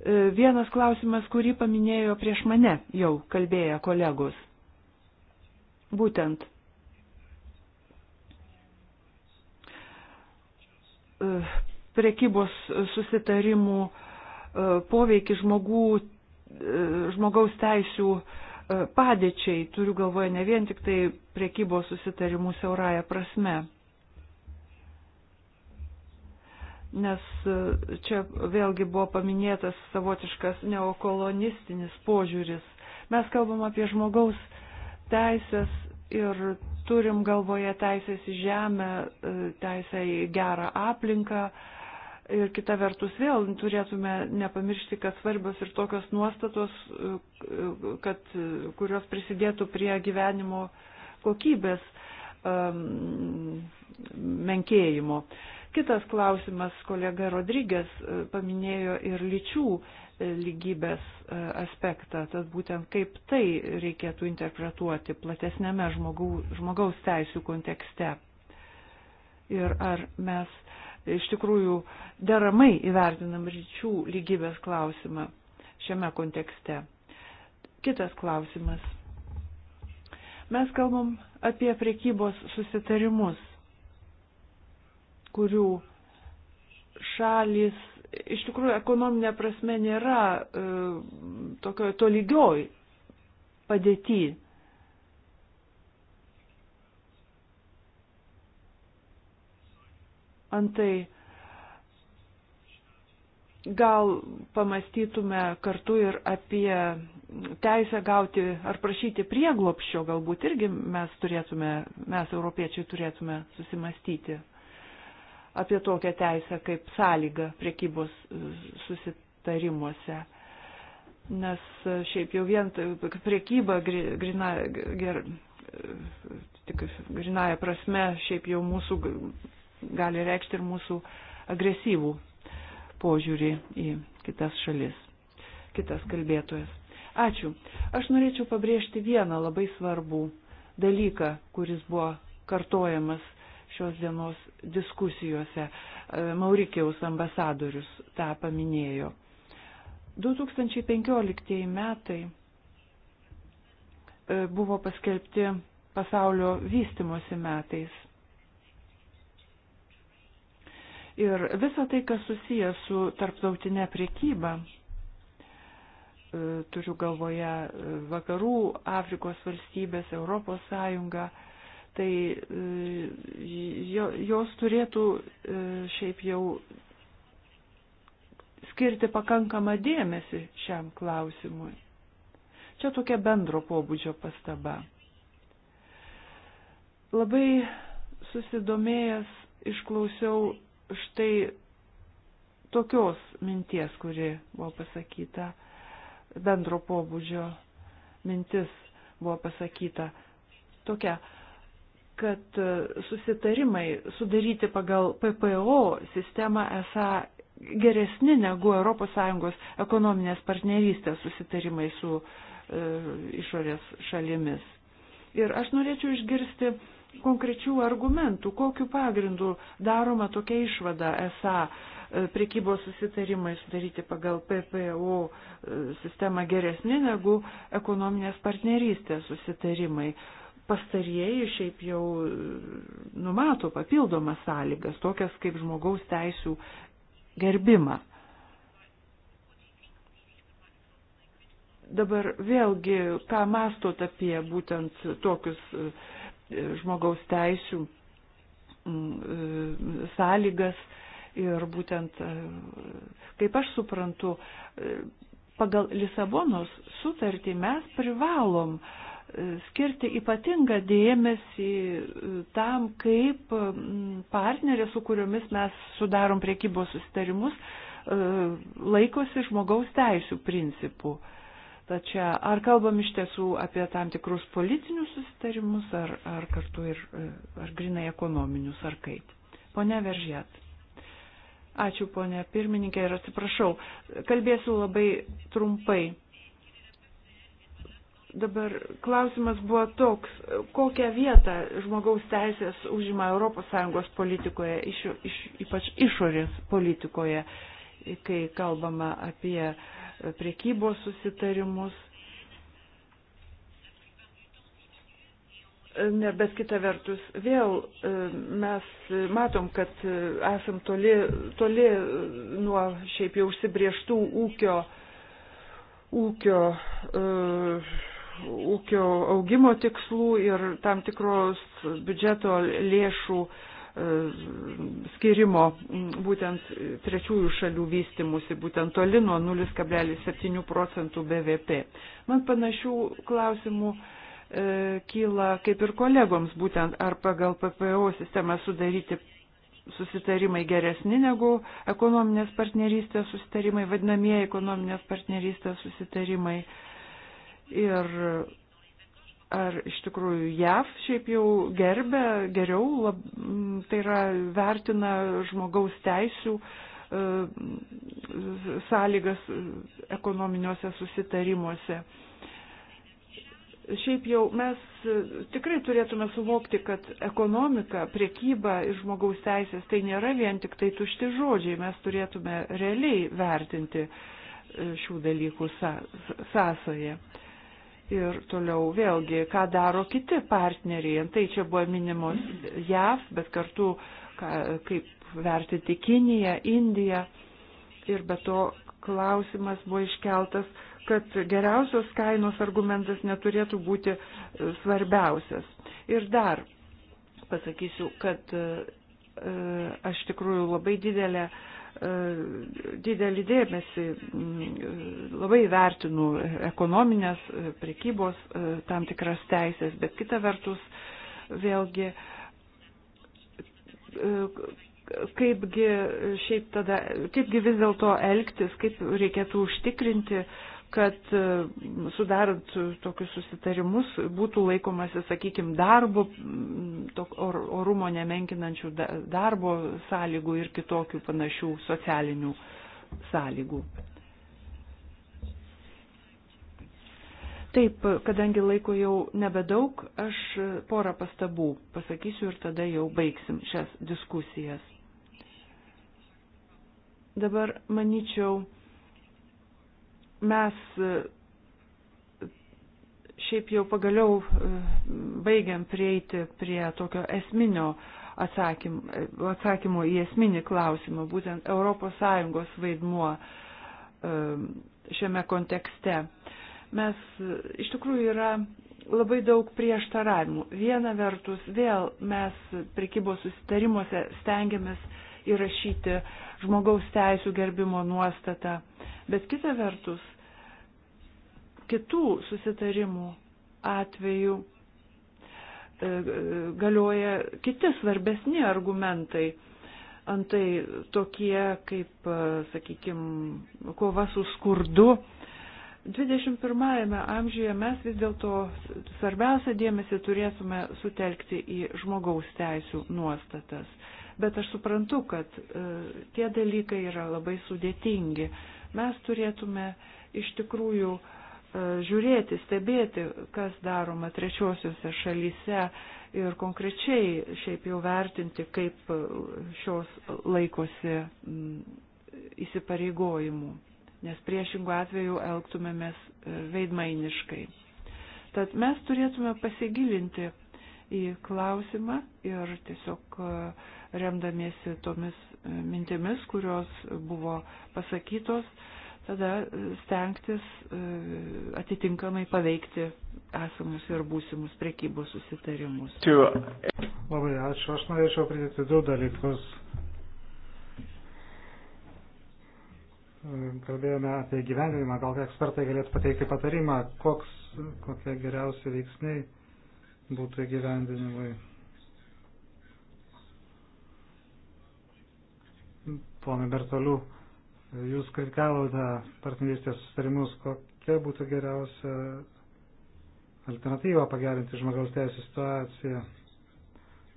E, vienas klausimas, kurį paminėjo prieš mane jau kalbėję kolegos. Būtent e, prekybos susitarimų e, poveikį žmogų, žmogaus teisių padėčiai, turiu galvoje ne vien tik tai prekybos susitarimus siaurąją prasme. nes e, čia vėlgi buvo paminėtas savotiškas neokolonistinis požiūris. Mes kalbam apie žmogaus teisės ir turim galvoje teisės į žemę, e, teisę į gerą aplinką. Ir kita vertus vėl turėtume nepamiršti, kad svarbios ir tokios nuostatos, e, kad, kurios prisidėtų prie gyvenimo kokybės um, menkėjimo. Uh, Kitas klausimas, kolega Rodrygės e, paminėjo ir lyčių e, lygybės e, aspektą, tad būtent kaip tai reikėtų interpretuoti platesnėme žmogų, žmogaus teisų kontekste. Ir ar mes iš tikrųjų deramai įvertinam lyčių lygybės klausimą šiame kontekste. Kitas klausimas. Mes kalbam apie priekybos susitarimus kurių šalis iš tikrųjų ekonominė prasme nėra e, tokio tolygioj padėti. Antai gal pamastytume kartu ir apie teisę gauti ar prašyti prieglopščio, galbūt irgi mes turėtume, mes europiečiai turėtume susimastyti apie tokią teisę kaip sąlyga priekybos susitarimuose. Nes šiaip jau vien priekyba grina, ger, tik grinaja prasme šiaip jau mūsų gali reikšti ir mūsų agresyvų požiūrį į kitas šalis. Kitas kalbėtojas. Ačiū. Aš norėčiau pabrėžti vieną labai svarbų dalyką, kuris buvo kartojamas šios dienos diskusijose. E, Maurikiaus ambasadorius tą paminėjo. 2015 metai e, buvo paskelbti pasaulio vystimosi metais. Ir visa tai, kas susijęs su tarptautinė priekyba, e, turiu galvoje vakarų Afrikos valstybės, Europos Sąjungą, tai e, jos turėtų e, šiaip jau skirti pakankamą dėmesį šiam klausimui. Čia tokia bendro pobūdžio pastaba. Labai susidomėjęs išklausiau štai tokios minties, kuri buvo pasakyta, bendro pobūdžio mintis buvo pasakyta tokia kad e, susitarimai sudaryti pagal PPO sistemą esą geresni negu ES ekonominės partnerystės susitarimai su e, išorės šalimis. Ir aš norėčiau išgirsti konkrečių argumentų, kokiu pagrindu daroma tokia išvada esą e, prekybos susitarimai sudaryti pagal PPO e, sistemą geresni negu ekonominės partnerystės susitarimai pastarieji šiaip jau e, numato papildomas sąlygas, tokias kaip žmogaus teisų gerbimą. Dabar vėlgi, ką mastot apie būtent tokius e, e, žmogaus teisų sąlygas ir būtent, kaip aš suprantu, pagal Lisabonos sutartį mes privalom uh, skirti ypatingą dėmesį e, tam, kaip partnerė, su kuriomis mes sudarom priekybos sustarimus, e, laikosi žmogaus teisų principų. Tačiau ar kalbam iš tiesų apie tam tikrus politinius sustarimus, ar, ar kartu ir e, ar grinai ekonominius, ar kaip. Pone Veržėt. Ačiū, ponė pirmininkė, ir atsiprašau. Kalbėsiu labai trumpai Dabar klausimas buvo toks, kokią vietą žmogaus teisės užima ES politikoje, iš, iš, ypač išorės politikoje, kai kalbama apie priekybos susitarimus. Ne, bet kita vertus, vėl e, mes matom, kad e, esam toli, toli nuo šiaip jau užsibrieštų ūkio, ūkio uh, ūkio augimo tikslų ir tam tikros biudžeto lėšų e, skirimo būtent trečiųjų šalių vystimusi, būtent toli nuo 0,7 procentų BVP. Man panašių klausimų e, kyla kaip ir kolegoms būtent, ar pagal PPO sistemą sudaryti susitarimai geresni negu ekonominės partnerystės susitarimai, vadinamieji ekonominės partnerystės susitarimai. E, Ir ar iš tikrųjų JAV šiaip jau gerbė, geriau, lab, tai yra vertina žmogaus teisų e, sąlygas ekonominiuose susitarimuose. Šiaip jau mes e, tikrai turėtume suvokti, kad ekonomika, priekyba ir žmogaus teisės tai nėra vien tik tai tušti žodžiai, mes turėtume realiai vertinti e, šių dalykų sąsąją. Sa Ir toliau vėlgi, ką daro kiti partneriai. Antai čia buvo minimos JAV, bet kartu ką, kaip vertinti Kiniją, Indiją. Ir be to klausimas buvo iškeltas, kad geriausios kainos argumentas neturėtų būti svarbiausias. Ir dar pasakysiu, kad e, aš tikrųjų labai didelę uh, E, didelį dėmesį, e, labai vertinu ekonominės, e, prekybos tam tikras teisės, bet kita vertus vėlgi kaipgi šiaip tada, kaipgi vis dėlto elgtis, kaip reikėtų užtikrinti kad e, sudarant tokius susitarimus būtų laikomasi, sakykime, darbo, orumo nemenkinančių darbo sąlygų ir kitokių panašių socialinių sąlygų. Taip, kadangi laiko jau nebedaug, aš porą pastabų pasakysiu ir tada jau baigsim šias diskusijas. Dabar, manyčiau, mes e, šiaip jau pagaliau e, baigiam prieiti prie tokio esminio atsakymo, e, atsakymo į esminį klausimą, būtent ES vaidmuo šiame kontekste. Mes iš tikrųjų yra labai daug prieštaravimų. Viena vertus, vėl mes prekybos susitarimuose stengiamės įrašyti žmogaus teisų gerbimo nuostatą Bet kita vertus, kitų susitarimų atveju e, e, galioja kiti svarbesni argumentai. Antai tokie kaip, e, sakykime, kova su skurdu. 21 amžiuje mes vis dėlto svarbiausią dėmesį turėtume sutelkti į žmogaus teisų nuostatas. Bet aš suprantu, kad tie dalykai yra labai sudėtingi Mes turėtume iš tikrųjų e, žiūrėti, stebėti, kas daroma trečiosiuose šalyse ir konkrečiai šiaip jau vertinti, kaip šios laikosi mm, įsipareigojimų, nes priešingų atveju elgtumėmės e, veidmainiškai. Tad mes turėtume pasigilinti į klausimą ir tiesiog uh, remdamiesi tomis e, mintimis, kurios buvo pasakytos, tada stengtis e, atitinkamai paveikti esamus ir būsimus prekybos susitarimus. Labai ačiū. Aš norėčiau pridėti du dalykus. Kalbėjome apie gyvenimą, gal ekspertai galėtų pateikti patarimą, koks, kokie geriausi veiksniai būtų įgyvendinimui ponai Bertoliu, jūs kritikavote partnerystės sustarimus, kokia būtų geriausia alternatyva pagerinti žmogaus teisų situaciją.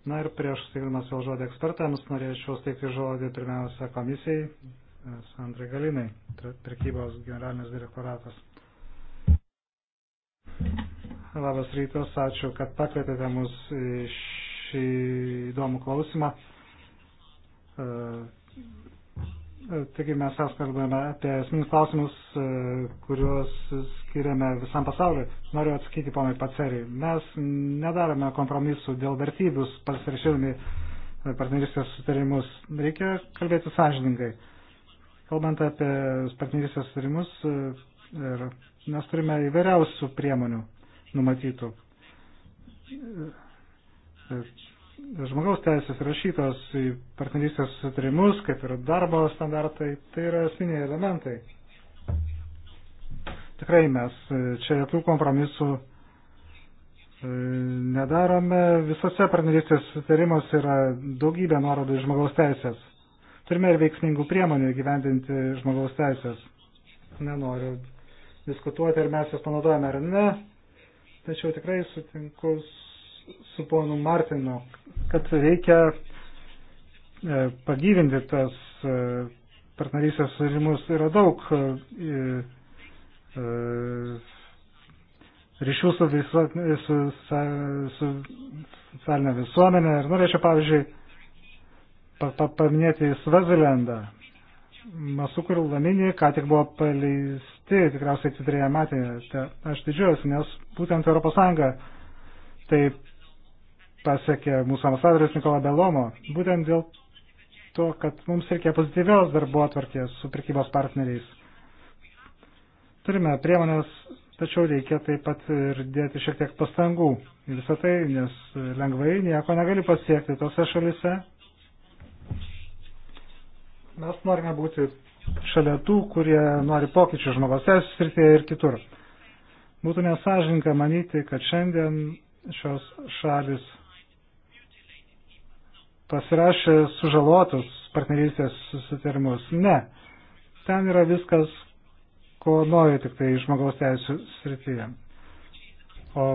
Na ir prieš steigdamas vėl žodį ekspertams, norėčiau steigti žodį pirmiausia komisijai, Sandrai Galinai, prekybos generalinis direktoratas. Labas rytas, ačiū, kad pakvietėte mus į šį įdomų klausimą. E, taigi mes kalbame apie esminius klausimus, e, kuriuos skiriame visam pasauliu. Noriu atsakyti ponai Paceriai. Mes nedarome kompromisų dėl vertybių pasirašydami e, partnerystės sutarimus. Reikia kalbėti sąžiningai. Kalbant apie partnerystės sutarimus, mes turime įvairiausių priemonių numatytų žmogaus teisės rašytos į partnerystės sutarimus, kaip ir darbo standartai, tai yra esminiai elementai. Tikrai mes e, čia jokių kompromisų e, nedarome. Visose partnerystės sutarimuose yra daugybė nuorodų į žmogaus teisės. Turime ir veiksmingų priemonių gyvendinti žmogaus teisės. Nenoriu diskutuoti, ar mes jas panaudojame ar ne, tačiau tikrai sutinku su ponu Martinu, kad reikia e, pagyvinti tas e, partnerystės surimus. Yra daug e, ryšių su, viso, su, su socialinė visuomenė. Ir norėčiau, pavyzdžiui, pa, pa, paminėti Svazilendą. Masukur Laminį ką tik buvo paleisti, tikriausiai titrėje matėte. Aš didžiuojuosi, nes būtent ES tai pasiekė mūsų ambasadoris Nikola Belomo, būtent dėl to, kad mums reikia pozityvios darbo atvarkės su prekybos partneriais. Turime priemonės, tačiau reikia taip pat ir dėti šiek tiek pastangų į visą tai, nes lengvai nieko negali pasiekti tose šalise. Mes norime būti šalia tų, kurie nori pokyčių žmogaus teisės srityje ir kitur. Būtų nesažinka manyti, kad šiandien šios šalis pasirašė sužalotus partnerystės susitarimus. Ne. Ten yra viskas, ko nori tik tai žmogaus teisų srityje. O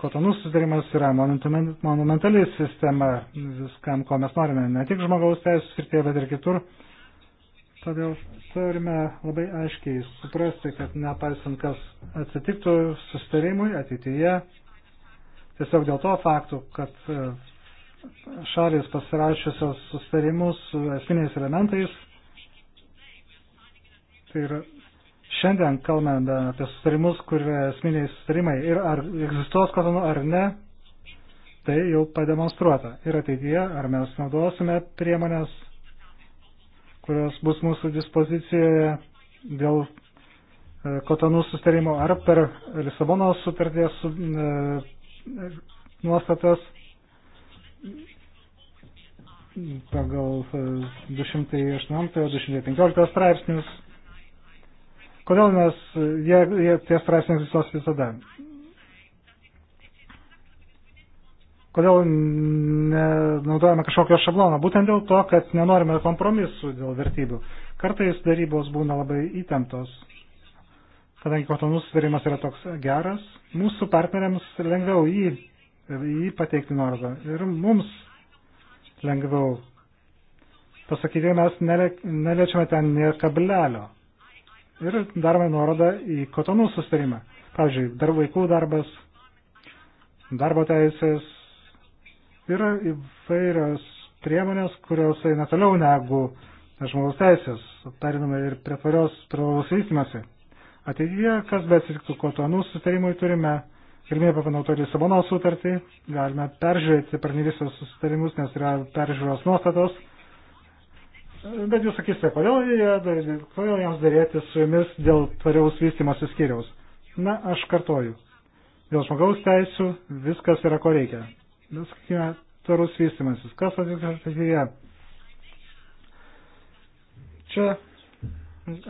kotonų susitarimas yra monumentali sistema viskam, ko mes norime, ne tik žmogaus teisų srityje, bet ir kitur. Todėl turime labai aiškiai suprasti, kad nepaisant kas atsitiktų susitarimui ateityje, Tiesiog dėl to faktų, kad e, šalis pasirašiusios sustarimus su esminiais elementais, tai yra šiandien kalbame apie sustarimus, kur yra esminiai sustarimai ir ar egzistuos kotonu ar ne, tai jau pademonstruota. Ir ateityje, ar mes naudosime priemonės, kurios bus mūsų dispozicijoje dėl e, kotonų sustarimo, ar per Lisabonos sutarties e, nuostatas pagal 218-215 straipsnius. Kodėl mes, jie, jie tie straipsniai egzistuos visada? Kodėl nenaudojame kažkokio šablono? Būtent dėl to, kad nenorime kompromisų dėl vertybių. Kartais darybos būna labai įtemptos kadangi kotonų susitarimas yra toks geras, mūsų partneriams lengviau jį, jį pateikti nuorodą ir mums lengviau pasakyti, mes nele, neliečiame ten nė kablelio ir darome nuorodą į kotonų susitarimą. Pavyzdžiui, dar vaikų darbas, darbo teisės yra įvairios priemonės, kurios eina toliau negu žmogaus teisės, periname ir prie tvarios privalaus vystimasi. Ateityje, kas beatsitiktų kotonų susitarimui, turime galimybę panaudoti Lisabonos sutartį, galime peržiūrėti partnerystės susitarimus, nes yra peržiūros nuostatos. Bet jūs sakysite, kodėl, jie, kodėl jiems dėrėti su jumis dėl tvariaus vystimosi skyriaus. Na, aš kartoju. Dėl žmogaus teisų viskas yra ko reikia. Sakykime, tvarus vystimasis. Kas atsitiks ateityje? Čia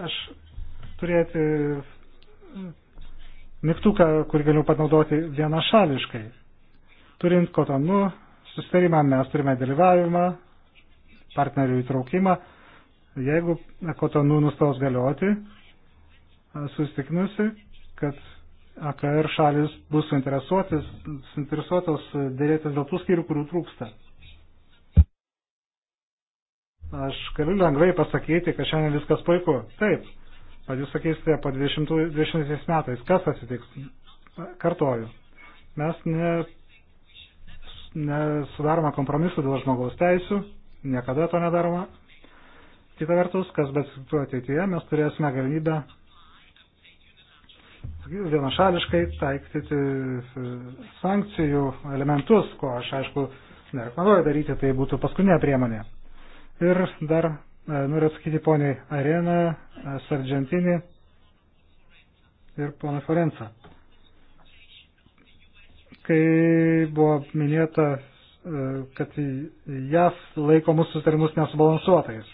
aš turėti mygtuką, kurį galiu panaudoti vienašališkai. Turint kotonų susitarimą mes turime dalyvavimą, partnerių įtraukimą. Jeigu kotonų nustos galioti, susitikinusi, kad AKR šalis bus suinteresuotos dėrėtis dėl tų skyrių, kurių trūksta. Aš galiu lengvai pasakyti, kad šiandien viskas puiku. Taip, kad jūs sakysite po 20, 20 metais, kas atsitiks. Kartoju, mes ne, nesudarome kompromisų dėl žmogaus teisų, niekada to nedaroma. Kita vertus, kas bet ateityje, mes turėsime galimybę vienašališkai taikyti sankcijų elementus, ko aš aišku nerekomenduoju daryti, tai būtų paskutinė priemonė. Ir dar E, noriu atsakyti poniai Arena, e, Sargentinį ir poną Forensą. Kai buvo minėta, e, kad JAF laiko mūsų sutarimus nesubalansuotais.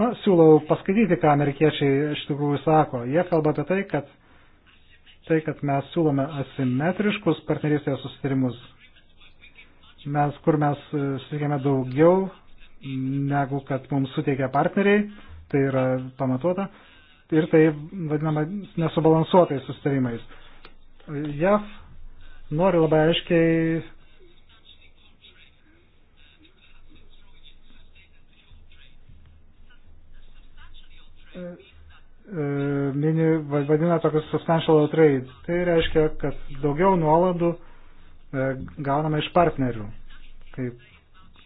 Na, siūlau paskaityti, ką amerikiečiai iš tikrųjų sako. Jie kalba apie tai, kad tai, kad mes siūlome asimetriškus partnerystės susitarimus, mes, kur mes sutikėme daugiau negu kad mums suteikia partneriai, tai yra pamatuota, ir tai vadinama nesubalansuotais sustarimais. JAV nori labai aiškiai mini, vadina tokius substantial trade. Tai reiškia, kad daugiau nuolandų e, gauname iš partnerių, kaip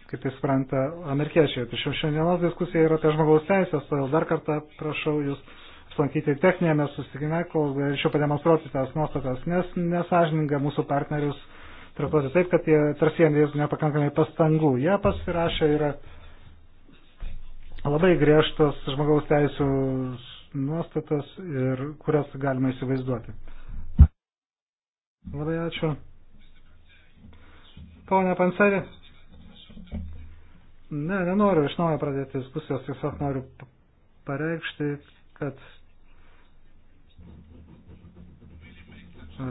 kaip tai supranta amerikiečiai. Tačiau šiandienos diskusija yra apie žmogaus teisės, todėl dar kartą prašau jūs aplankyti techninėme susitikime, kol galėčiau pademonstruoti tas nuostatas, nes nesažininga mūsų partnerius traktuoti taip, kad jie tarsi jie nepakankamai pastangų. Jie pasirašė yra labai griežtos žmogaus teisų nuostatas ir kurias galima įsivaizduoti. Labai ačiū. Pone Pansari, Ne, nenoriu iš naujo pradėti diskusijos, tiesiog noriu pareikšti, kad e,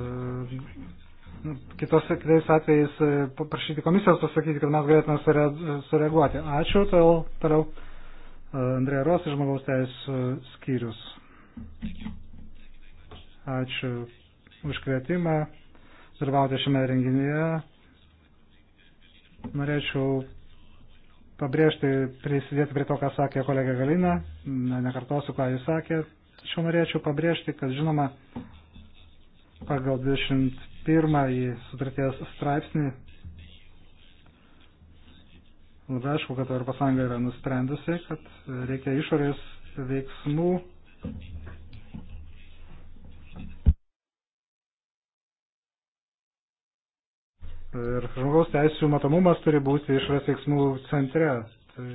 nu, kitos, kitais atvejais e, paprašyti komisijos pasakyti, kad mes galėtume sureaguoti. Ačiū, tol, toliau e, Andrėja Ros iš žmogaus teisų skyrius. Ačiū už kvietimą dalyvauti šiame renginyje. Norėčiau pabrėžti, prisidėti prie to, ką sakė kolegė Galina, ne, nekartosiu, ką jūs sakė, tačiau norėčiau pabrėžti, kad žinoma, pagal 21 sutarties straipsnį labai aišku, kad Europos Sąjunga yra nusprendusi, kad reikia išorės veiksmų Ir žmogaus teisų matomumas turi būti išras veiksmų centre. Tai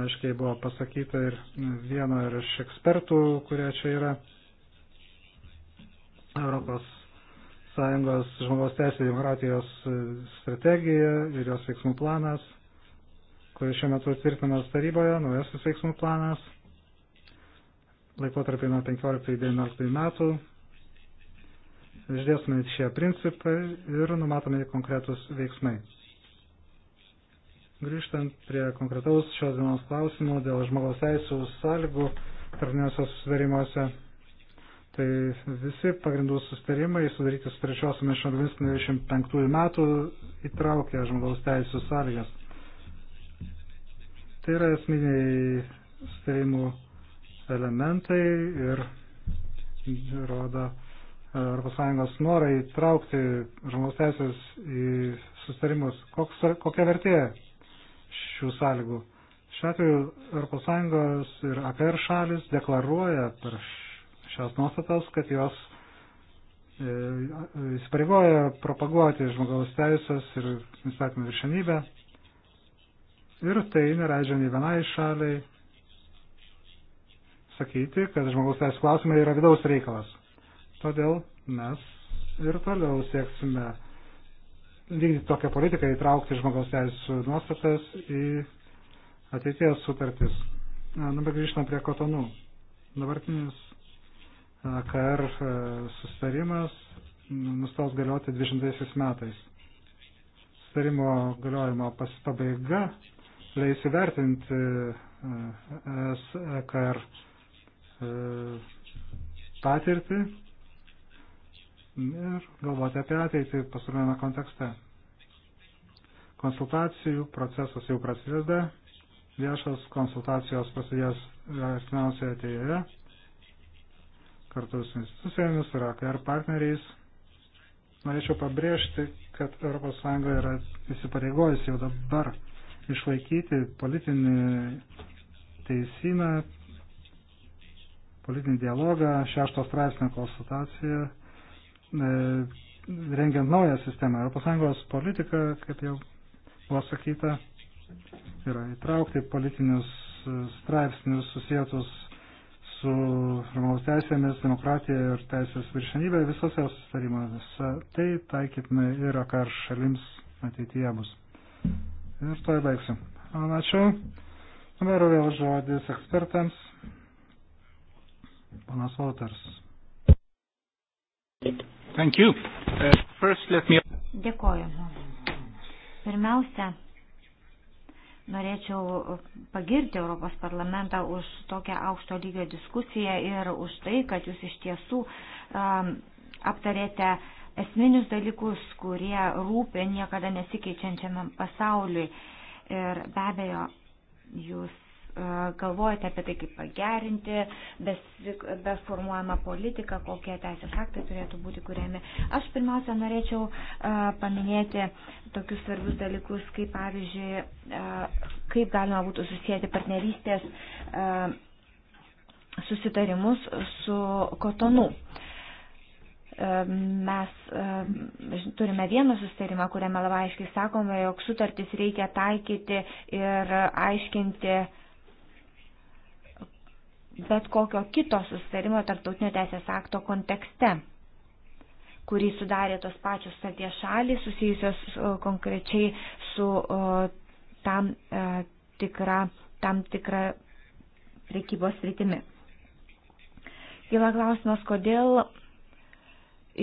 aiškiai buvo pasakyta ir vieno ir iš ekspertų, kurie čia yra Europos Sąjungos žmogaus teisų demokratijos strategija ir jos veiksmų planas, kuris šiuo metu tvirtinamas taryboje, naujasis veiksmų planas, laikotarpį nuo 15-19 metų išdėstome šie principai ir numatome konkretus veiksmai. Grįžtant prie konkretaus šios dienos klausimų dėl žmogaus teisų sąlygų tarpiniuose susidarimuose, tai visi pagrindų susitarimai sudaryti su trečiosiomis šalimis 95 metų įtraukia žmogaus teisų sąlygas. Tai yra esminiai susitarimų elementai ir rodo ES norą įtraukti žmogaus teisės į sustarimus. Koks, kokia vertė šių sąlygų? Šiuo atveju ES ir AKR šalis deklaruoja per šias nuostatas, kad jos e, įsipareigoja propaguoti žmogaus teisės ir įstatymų viršenybę. Ir tai neleidžia nei vienai šaliai sakyti, kad žmogaus teisės klausimai yra vidaus reikalas. Todėl mes ir toliau sieksime vykdyti tokią politiką, įtraukti žmogaus teisų nuostatas į ateities sutartis. Dabar grįžtame prie kotonų. Dabartinis e, KR e, sustarimas nustos galioti 20 metais. Sustarimo galiojimo pabaiga leis įvertinti e, SKR patirtį ir galvoti apie ateitį pasaulyje kontekste. Konsultacijų procesas jau prasideda, viešos konsultacijos prasidės e, artimiausioje ateityje kartu su institucijomis, Irak ir partneriais. Norėčiau pabrėžti, kad ES yra įsipareigojusi jau dabar išlaikyti politinį teisyną, politinį dialogą, šešto straipsnio konsultaciją E, rengiant naują sistemą. ES politika, kaip jau buvo sakyta, yra įtraukti politinius e, straipsnius susijętus su žmogaus teisėmis, demokratija ir teisės viršenybė visose sustarimuose. Tai taikytina ir akar šalims ateityje bus. Ir to įbaigsiu. Ačiū. Dabar vėl žodis ekspertams. Panas Walters. Thank you. Thank you. Uh, first, let me... Dėkoju. Pirmiausia, norėčiau pagirti Europos parlamentą už tokią aukšto lygio diskusiją ir už tai, kad jūs iš tiesų um, aptarėte esminius dalykus, kurie rūpia niekada nesikeičiančiam pasauliui. Ir be abejo, jūs galvojate apie tai, kaip pagerinti, besformuojama politika, kokie teisės aktai turėtų būti kuriami. Aš pirmiausia norėčiau paminėti tokius svarbius dalykus, kaip pavyzdžiui, kaip galima būtų susijęti partnerystės susitarimus su kotonu mes turime vieną sustarimą, kuriame labai aiškiai sakome, jog sutartis reikia taikyti ir aiškinti bet kokio kito susitarimo tarptautinio teisės akto kontekste, kurį sudarė tos pačios sutarties šalys susijusios e, konkrečiai su e, tam e, tikra, tam tikra prekybos rytimi. Kyla klausimas, kodėl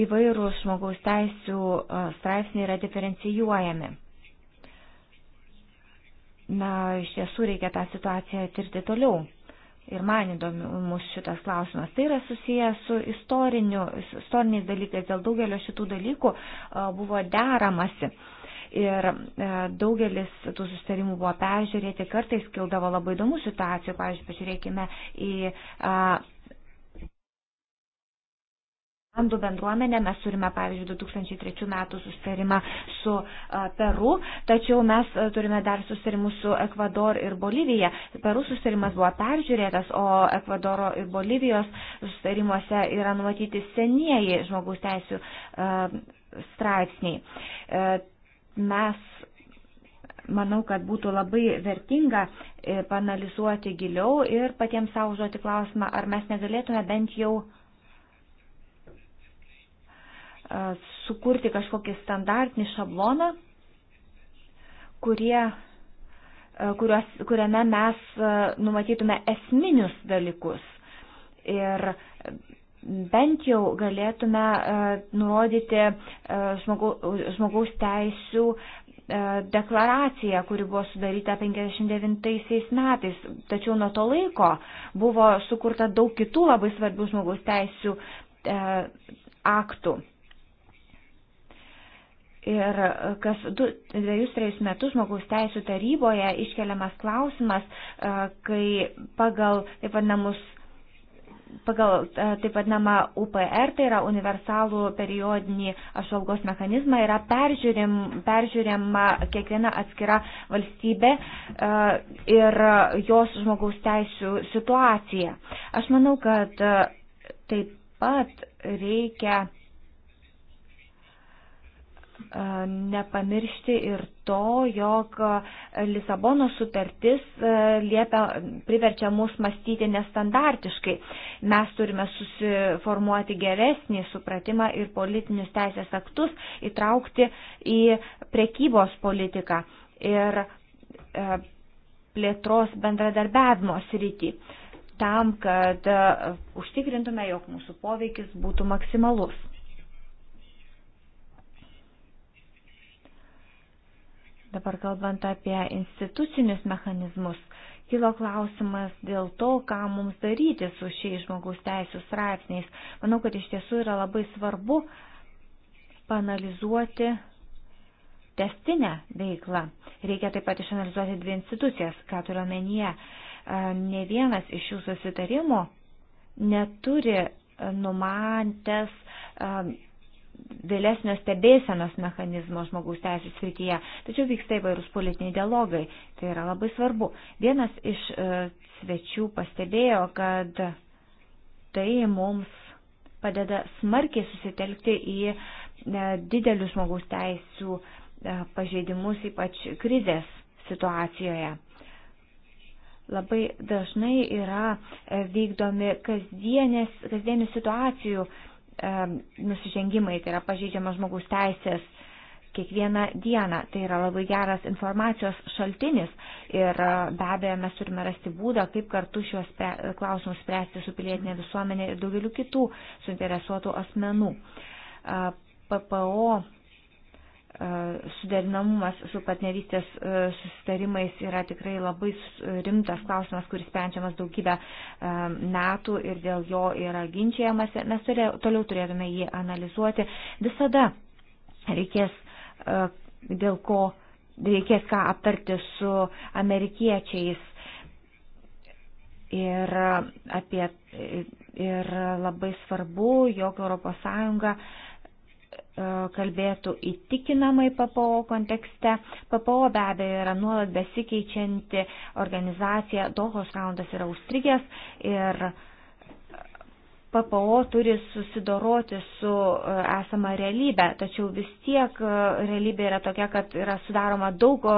įvairūs žmogaus teisų straipsniai yra diferencijuojami. Na, iš tiesų reikia tą situaciją tirti toliau ir man įdomus šitas klausimas. Tai yra susijęs su istoriniais dalykais. Dėl daugelio šitų dalykų buvo deramasi. Ir e, daugelis tų sustarimų buvo peržiūrėti, kartais kildavo labai įdomų situacijų. Pavyzdžiui, pažiūrėkime į Andų bendruomenė, mes turime, pavyzdžiui, 2003 metų susitarimą su Peru, tačiau mes turime dar susitarimus su Ekvador ir Bolivija. Peru susitarimas buvo peržiūrėtas, o Ekvadoro ir Bolivijos susitarimuose yra numatyti senieji žmogaus teisų straipsniai. E, mes manau, kad būtų labai vertinga e, panalizuoti giliau ir patiems savo užduoti klausimą, ar mes negalėtume bent jau sukurti kažkokį standartinį šabloną, kurie, kurios, kuriame mes numatytume esminius dalykus. Ir bent jau galėtume nurodyti žmogaus teisų deklaracija, kuri buvo sudaryta 59 metais. Tačiau nuo to laiko buvo sukurta daug kitų labai svarbių žmogaus teisų aktų. Ir kas du, dviejus, trejus metus žmogaus teisų taryboje iškeliamas klausimas, e, kai pagal taip vadinamus pagal e, taip vadinamą UPR, tai yra universalų periodinį apsaugos mechanizmą, yra peržiūrim, peržiūrima kiekviena atskira valstybė e, ir jos žmogaus teisų situacija. Aš manau, kad taip pat reikia E, nepamiršti ir to, jog Lisabono sutartis e, liepia, priverčia mus mąstyti nestandartiškai. Mes turime susiformuoti geresnį supratimą ir politinius teisės aktus įtraukti į prekybos politiką ir e, plėtros bendradarbiavimo sritį tam, kad užtikrintume, jog mūsų poveikis būtų maksimalus. Dabar kalbant apie institucinius mechanizmus, kilo klausimas dėl to, ką mums daryti su šiais žmogaus teisų straipsniais. Manau, kad iš tiesų yra labai svarbu panalizuoti testinę veiklą. Reikia taip pat išanalizuoti dvi institucijas, ką turiu omenyje. E, ne vienas iš šių susitarimų neturi numatęs e, vėlesnio stebėsenos mechanizmo žmogaus teisų srityje. Tačiau vyksta įvairūs politiniai dialogai. Tai yra labai svarbu. Vienas iš e, svečių pastebėjo, kad tai mums padeda smarkiai susitelkti į e, didelius žmogaus teisų e, pažeidimus, ypač krizės situacijoje labai dažnai yra vykdomi kasdienės, kasdienių situacijų E, nusižengimai, tai yra pažeidžiamas žmogaus teisės kiekvieną dieną. Tai yra labai geras informacijos šaltinis ir e, be abejo mes turime rasti būdą, kaip kartu šiuos klausimus spręsti su pilietinė visuomenė ir daugeliu kitų suinteresuotų asmenų. E, PPO E, suderinamumas su partnerystės e, susitarimais yra tikrai labai rimtas klausimas, kuris sprendžiamas daugybę e, metų ir dėl jo yra ginčiamas. Mes turė, toliau turėtume jį analizuoti. Visada reikės, dėl ko reikės ką aptarti su amerikiečiais. Ir, apie, ir labai svarbu, jog ES E, kalbėtų įtikinamai PPO kontekste. PPO be abejo yra nuolat besikeičianti organizacija, Dohos raundas yra užstrigęs ir uh, PPO turi susidoroti su e, esama realybė, tačiau vis tiek e, realybė yra tokia, kad yra sudaroma daug e,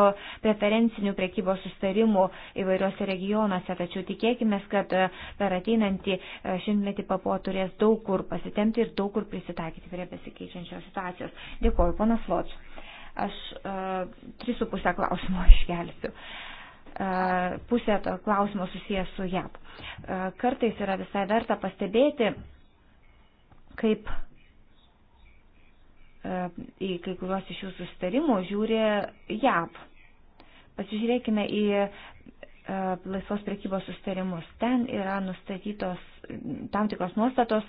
preferencinių prekybos sustarimų įvairiuose regionuose, tačiau tikėkime, kad per ateinantį šimtmetį PPO turės daug kur pasitemti ir daug kur prisitaikyti prie besikeičiančios situacijos. Dėkuoju, ponas Loč. Aš uh, 3,5 klausimo iškelsiu. Uh, E, pusė to klausimo susijęs su JAP. E, kartais yra visai verta pastebėti, kaip e, į kai kuriuos iš jų sustarimų žiūri JAP. Pasižiūrėkime į laisvos prekybos sustarimus. Ten yra nustatytos tam tikros nuostatos,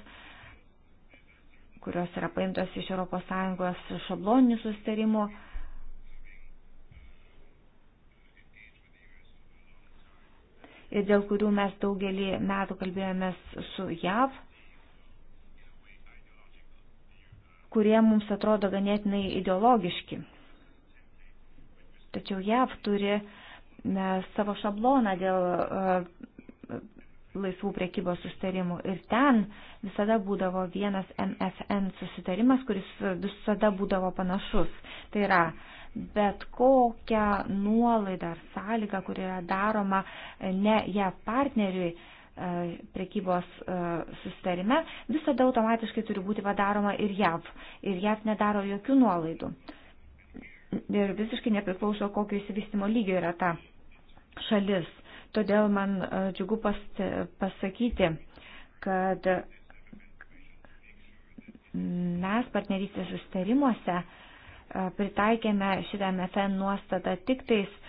kurios yra paimtos iš ES šabloninių sustarimų. ir dėl kurių mes daugelį metų kalbėjomės su JAV, kurie mums atrodo ganėtinai ideologiški. Tačiau JAV turi na, e, savo šabloną dėl uh, laisvų priekybos sustarimų. Ir ten visada būdavo vienas MFN susitarimas, kuris visada būdavo panašus. Tai yra bet kokią nuolaidą ar sąlygą, kuri yra daroma e, ne ją partneriui e, prekybos e, sustarime, visada tai automatiškai turi būti padaroma ir JAV. Ir JAV nedaro jokių nuolaidų. Ir visiškai nepriklauso, kokio įsivystimo lygio yra ta šalis. Todėl man džiugu pas, pasakyti, kad mes partnerystės sustarimuose uh, pritaikėme šitą MFN nuostatą tik tais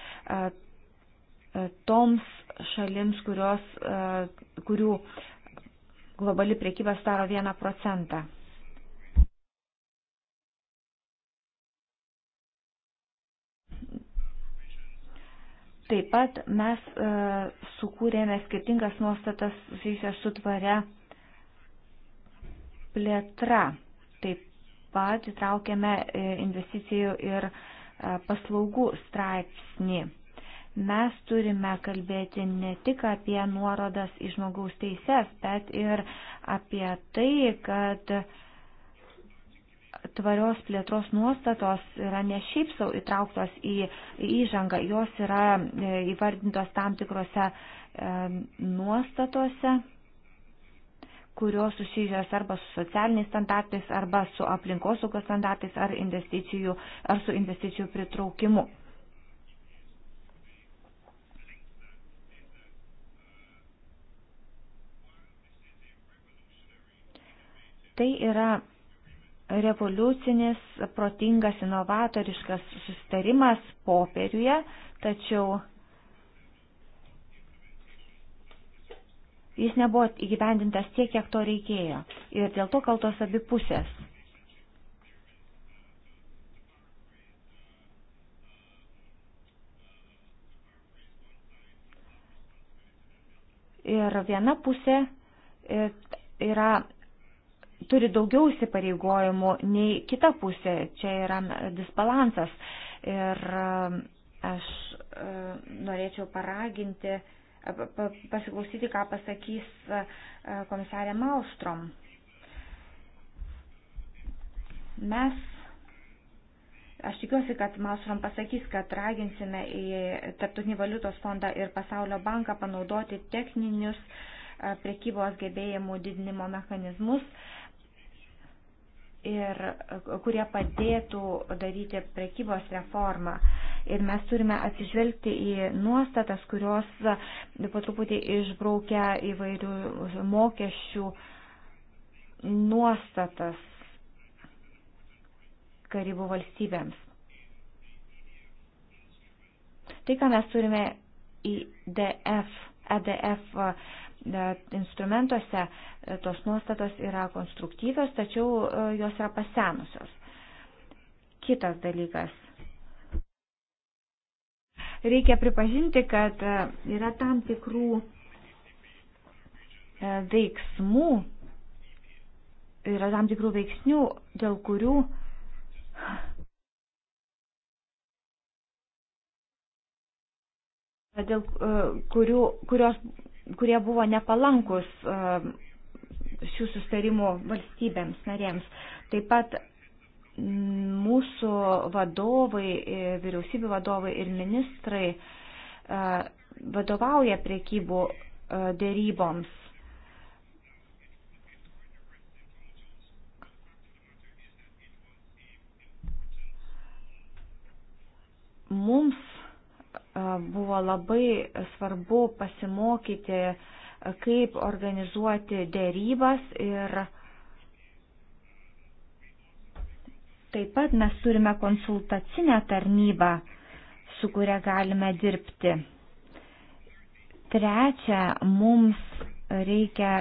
toms šalims, kurios, kurių globali priekyba staro 1 procentą. Taip pat mes sukūrėme skirtingas nuostatas susijusias su tvare plėtra. Taip pat įtraukėme e, investicijų ir e, paslaugų straipsnį. Mes turime kalbėti ne tik apie nuorodas į žmogaus teises, bet ir apie tai, kad tvarios plėtros nuostatos yra ne šiaip savo įtrauktos į įžangą, jos yra e, įvardintos tam tikrose nuostatose kurios susijusios arba su socialiniais standartais, arba su aplinkosaugos standartais, ar, investicijų, ar su investicijų pritraukimu. Tai yra revoliucinis, protingas, inovatoriškas susitarimas popieriuje, tačiau Jis nebuvo įgyvendintas tiek, kiek to reikėjo. Ir dėl to kaltos abi pusės. Ir viena pusė e, yra, turi daugiau įsipareigojimų nei kita pusė. Čia yra disbalansas. Ir e, aš e, norėčiau paraginti pasiklausyti, ką pasakys komisarė Malstrom. Mes, aš tikiuosi, kad Malstrom pasakys, kad raginsime į Tarptautinį valiutos fondą ir Pasaulio banką panaudoti techninius prekybos gebėjimų didinimo mechanizmus, ir kurie padėtų daryti prekybos reformą ir mes turime atsižvelgti į nuostatas, kurios po truputį išbraukia įvairių mokesčių nuostatas karibų valstybėms. Tai, ką mes turime IDF, EDF e, instrumentuose, e, tos nuostatos yra konstruktyvios, tačiau e, jos yra pasenusios. Kitas dalykas reikia pripažinti, kad e, yra tam tikrų e, veiksmų, yra tam tikrų veiksnių, dėl kurių dėl e, kurių, kurios, kurie buvo nepalankus šių sustarimų valstybėms narėms. Taip pat mūsų vadovai, e, vyriausybių vadovai ir ministrai e, vadovauja priekybų e, dėryboms. Mums buvo labai svarbu pasimokyti, kaip organizuoti dėrybas ir uh, Taip pat mes turime konsultacinę tarnybą, su kuria galime dirbti. Trečia, mums reikia,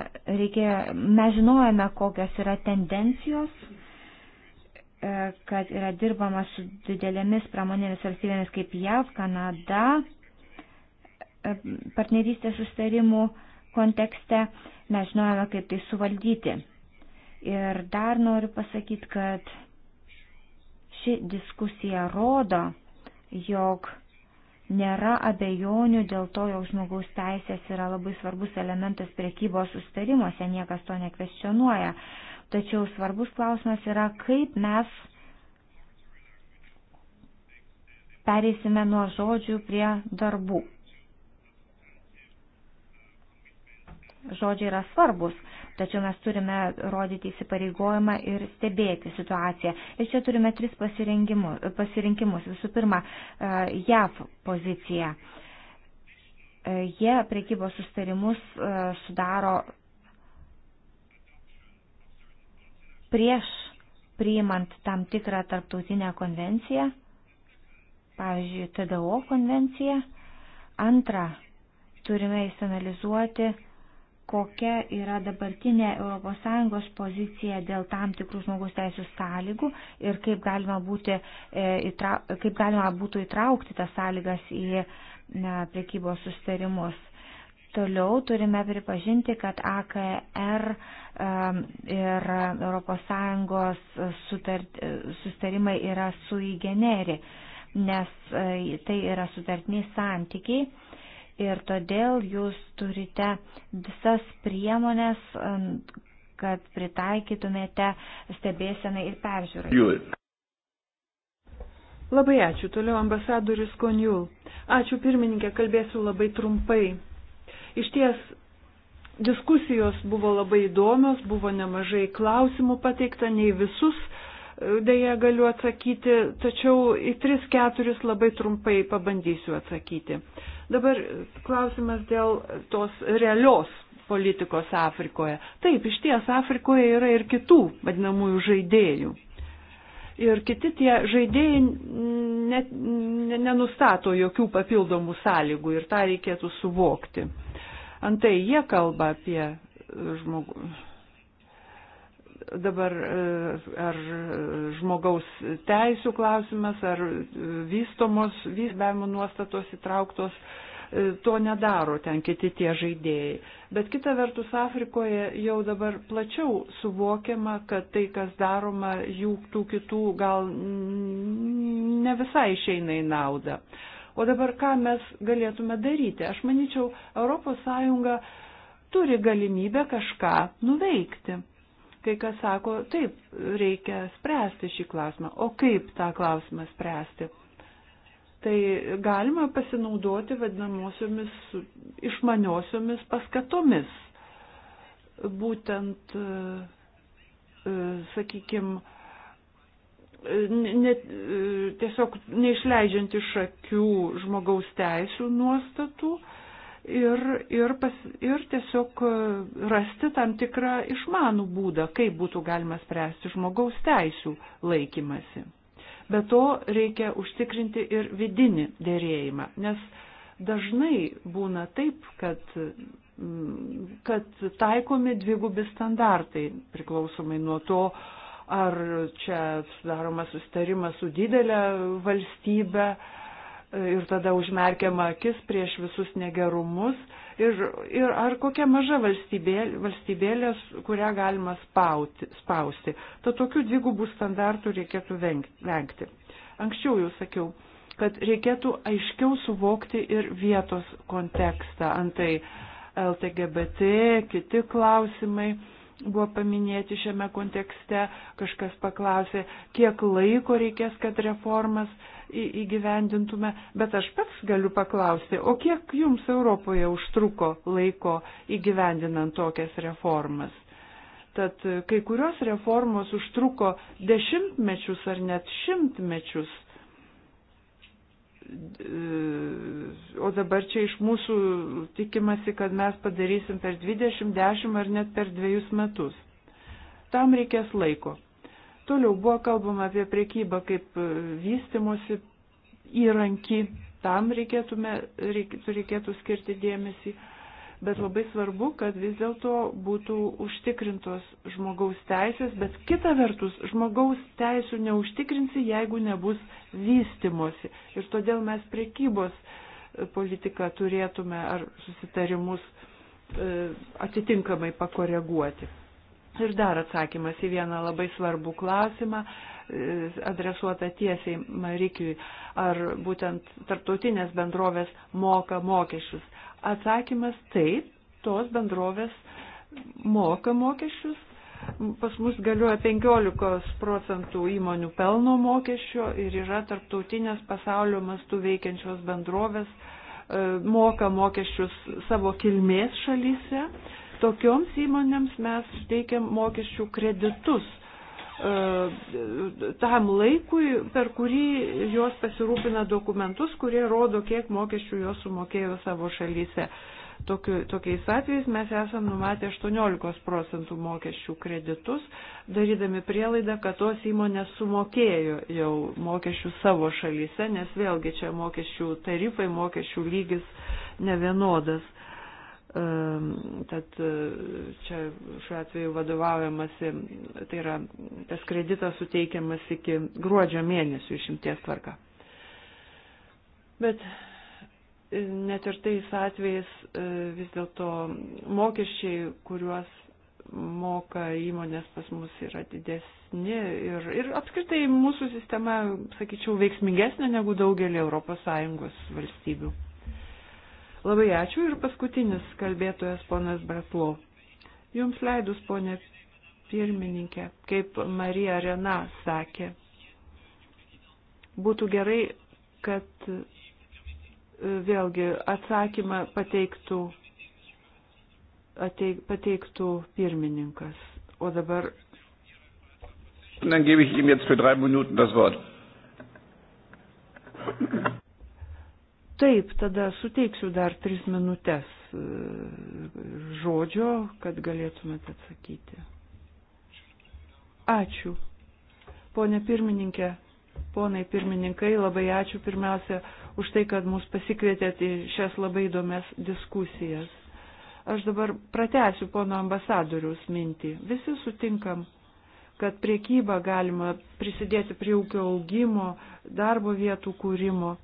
reikia, mes žinojame, kokios yra tendencijos, e, kad yra dirbama su didelėmis pramonėmis valstybėmis kaip JAV, Kanada, e, partnerystės sustarimų kontekste, mes žinojame, kaip tai suvaldyti. Ir dar noriu pasakyti, kad Ši diskusija rodo, jog nėra abejonių dėl to, jog žmogaus teisės yra labai svarbus elementas priekybos sustarimuose, niekas to nekvestionuoja. Tačiau svarbus klausimas yra, kaip mes pereisime nuo žodžių prie darbų. Žodžiai yra svarbus, Tačiau mes turime rodyti įsipareigojimą ir stebėti situaciją. Ir čia turime tris pasirinkimus. Visų pirma, e, JAV pozicija. E, jie prekybos sustarimus e, sudaro prieš priimant tam tikrą tarptautinę konvenciją, pavyzdžiui, TDO konvenciją. Antra, turime įsanalizuoti kokia yra dabartinė ES pozicija dėl tam tikrų žmogus teisų sąlygų ir kaip galima, būti, e, kaip galima būtų įtraukti tas sąlygas į prekybos sustarimus. Toliau turime pripažinti, kad AKR e, ir ES e, sustarimai yra sui generi, nes tai yra sutartiniai santykiai ir todėl jūs turite visas priemonės, kad pritaikytumėte stebėsenai ir peržiūrai. Labai ačiū. Toliau ambasadorius Konjul. Ačiū pirmininkė, kalbėsiu labai trumpai. Iš ties diskusijos buvo labai įdomios, buvo nemažai klausimų pateikta, nei visus e, dėja galiu atsakyti, tačiau į 3-4 labai trumpai pabandysiu atsakyti. Uh, Dabar klausimas dėl tos realios politikos Afrikoje. Taip, iš ties Afrikoje yra ir kitų vadinamųjų žaidėjų. Ir kiti tie žaidėjai net, nenustato jokių papildomų sąlygų ir tą reikėtų suvokti. Antai jie kalba apie žmogus dabar e, ar žmogaus teisų klausimas, ar vystomos vystbėjimo nuostatos įtrauktos, e, to nedaro ten kiti tie žaidėjai. Bet kita vertus, Afrikoje jau dabar plačiau suvokiama, kad tai, kas daroma jų tų kitų, gal ne visai išeina į naudą. O dabar ką mes galėtume daryti? Aš manyčiau, ES turi galimybę kažką nuveikti kai kas sako, taip, reikia spręsti šį klausimą. O kaip tą klausimą spręsti? Tai galima pasinaudoti vadinamosiomis išmaniosiomis paskatomis. Būtent, e, e, sakykime, ne, e, tiesiog neišleidžiant iš akių žmogaus teisų nuostatų, ir, ir, pas, ir tiesiog e, rasti tam tikrą išmanų būdą, kaip būtų galima spręsti žmogaus teisų laikymasi. Be to reikia užtikrinti ir vidinį dėrėjimą, nes dažnai būna taip, kad, kad taikomi dvigubi standartai priklausomai nuo to, ar čia sudaromas sustarimas su didelė valstybė, ir tada užmerkiama akis prieš visus negerumus. Ir, ir ar kokia maža valstybėlė, valstybėlė kurią galima spauti, spausti. To tokių dvigubų standartų reikėtų vengti. Anksčiau jau sakiau, kad reikėtų aiškiau suvokti ir vietos kontekstą. Antai LTGBT, kiti klausimai buvo paminėti šiame kontekste, kažkas paklausė, kiek laiko reikės, kad reformas įgyvendintume, bet aš pats galiu paklausti, o kiek jums Europoje užtruko laiko įgyvendinant tokias reformas? Tad kai kurios reformos užtruko dešimtmečius ar net šimtmečius E, o dabar čia iš mūsų tikimasi, kad mes padarysim per 20, 10 ar net per dviejus metus. Tam reikės laiko. Toliau buvo kalbama apie priekybą kaip e, vystimosi įrankį, tam reikėtume, reikėtų, reikėtų skirti dėmesį bet labai svarbu, kad vis dėlto būtų užtikrintos žmogaus teisės, bet kita vertus, žmogaus teisų neužtikrinsi, jeigu nebus vystimosi. Ir todėl mes priekybos e, politiką turėtume ar susitarimus e, atitinkamai pakoreguoti. Ir dar atsakymas į vieną labai svarbų klausimą adresuota tiesiai Marikiui, ar būtent tarptautinės bendrovės moka mokesčius. Atsakymas taip, tos bendrovės moka mokesčius. Pas mus galioja 15 procentų įmonių pelno mokesčio ir yra tarptautinės pasaulio mastų veikiančios bendrovės e, moka mokesčius savo kilmės šalyse. Tokioms įmonėms mes teikiam mokesčių kreditus E, tam laikui, per kurį jos pasirūpina dokumentus, kurie rodo, kiek mokesčių jos sumokėjo savo šalyse. Tokiu, tokiais atvejais mes esam numatę 18 procentų mokesčių kreditus, darydami prielaidą, kad tos įmonės sumokėjo jau mokesčių savo šalyse, nes vėlgi čia mokesčių tarifai, mokesčių lygis nevienodas. Tad e, čia šiuo atveju vadovaujamasi, tai yra tas kreditas suteikiamas iki gruodžio mėnesių išimties tvarka. Bet e, net ir tais atvejais e, vis dėlto mokesčiai, kuriuos moka įmonės pas mus yra didesni ir, ir apskritai mūsų sistema, sakyčiau, veiksmingesnė negu daugelį ES valstybių. Labai ačiū ir paskutinis kalbėtojas ponas Bratlo. Jums leidus, ponė pirmininkė, kaip Marija Rena sakė, būtų gerai, kad e, vėlgi atsakymą pateiktų, ateik, pateiktų pirmininkas. O dabar. Dann gebe ich ihm jetzt für drei Minuten das Wort. Taip, tada suteiksiu dar tris minutės e, žodžio, kad galėtumėte atsakyti. Ačiū. Pone pirmininkė, ponai pirmininkai, labai ačiū pirmiausia už tai, kad mus pasikvietėte į šias labai įdomias diskusijas. Aš dabar pratęsiu pono ambasadoriaus mintį. Visi sutinkam, kad priekyba galima prisidėti prie ūkio augimo, darbo vietų kūrimo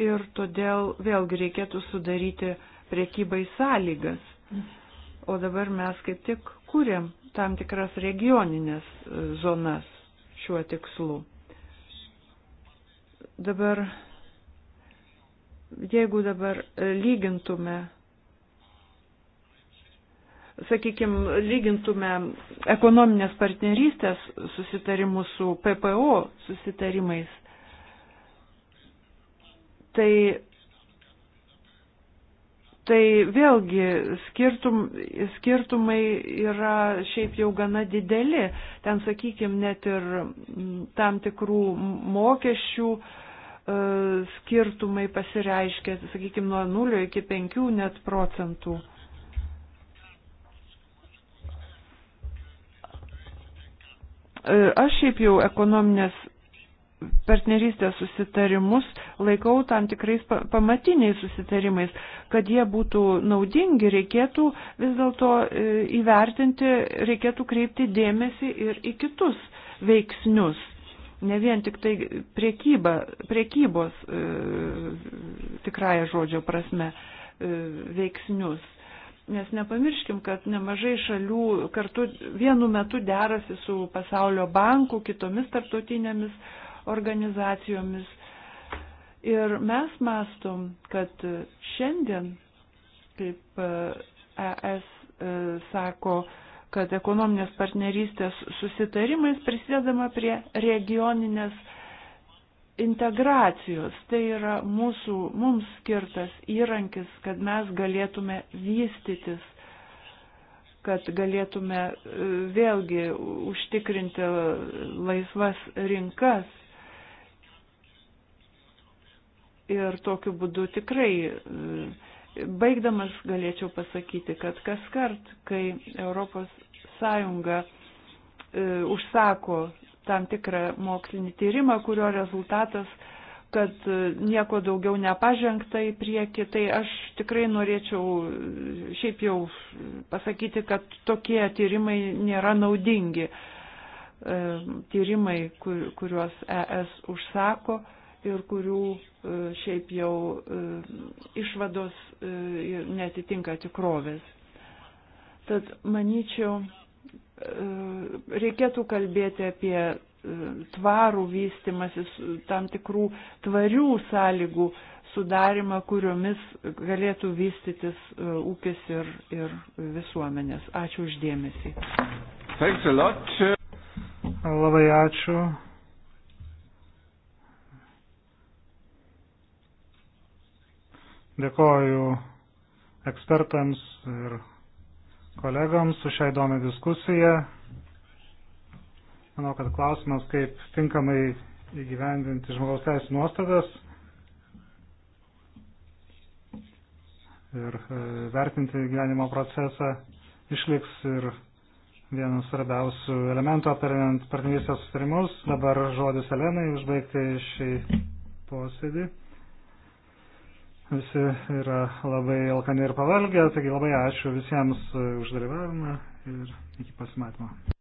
ir todėl vėlgi reikėtų sudaryti priekybai sąlygas. O dabar mes kaip tik kūrėm tam tikras regioninės e, zonas šiuo tikslu. Dabar, jeigu dabar e, lygintume, sakykime, lygintume ekonominės partnerystės susitarimus su PPO susitarimais, tai, tai vėlgi skirtum, skirtumai yra šiaip jau gana dideli. Ten, sakykime, net ir mm, tam tikrų mokesčių e, skirtumai pasireiškia, sakykime, nuo 0 iki 5 net procentų. E, aš šiaip jau ekonominės partnerystės susitarimus laikau tam tikrais pamatiniais susitarimais. Kad jie būtų naudingi, reikėtų vis dėlto e, įvertinti, reikėtų kreipti dėmesį ir į kitus veiksnius. Ne vien tik tai priekyba, priekybos e, tikrąją žodžio prasme e, veiksnius. Nes nepamirškim, kad nemažai šalių kartu vienu metu derasi su pasaulio banku, kitomis tarptautinėmis organizacijomis. Ir mes mastom, kad šiandien, kaip ES e e, sako, kad ekonominės partnerystės susitarimais prisidedama prie regioninės integracijos. Tai yra mūsų, mums skirtas įrankis, kad mes galėtume vystytis, kad galėtume e, vėlgi užtikrinti laisvas rinkas Ir tokiu būdu tikrai, e, baigdamas galėčiau pasakyti, kad kas kart, kai Europos Sąjunga e, užsako tam tikrą mokslinį tyrimą, kurio rezultatas, kad e, nieko daugiau nepažengta į priekį, tai aš tikrai norėčiau šiaip jau pasakyti, kad tokie tyrimai nėra naudingi. Tyrimai, kuriuos ES užsako, ir kurių e, šiaip jau e, išvados e, netitinka tikrovės. Tad manyčiau, reikėtų kalbėti apie tvarų vystimasi, tam tikrų tvarių sąlygų sudarimą, kuriomis galėtų vystytis ūkis ir, ir visuomenės. Ačiū uždėmesį. Labai ačiū. Dėkoju ekspertams ir kolegams už šią įdomią diskusiją. Manau, kad klausimas, kaip tinkamai įgyvendinti žmogaus teisų nuostatas ir e, vertinti gyvenimo procesą, išliks ir vienas svarbiausių elementų aptariant partnerystės sustarimus. Dabar žodis Elenai užbaigti šį posėdį. Visi yra labai alkani ir pavalgę, taigi labai ačiū visiems e, už dalyvavimą ir iki pasimatymo.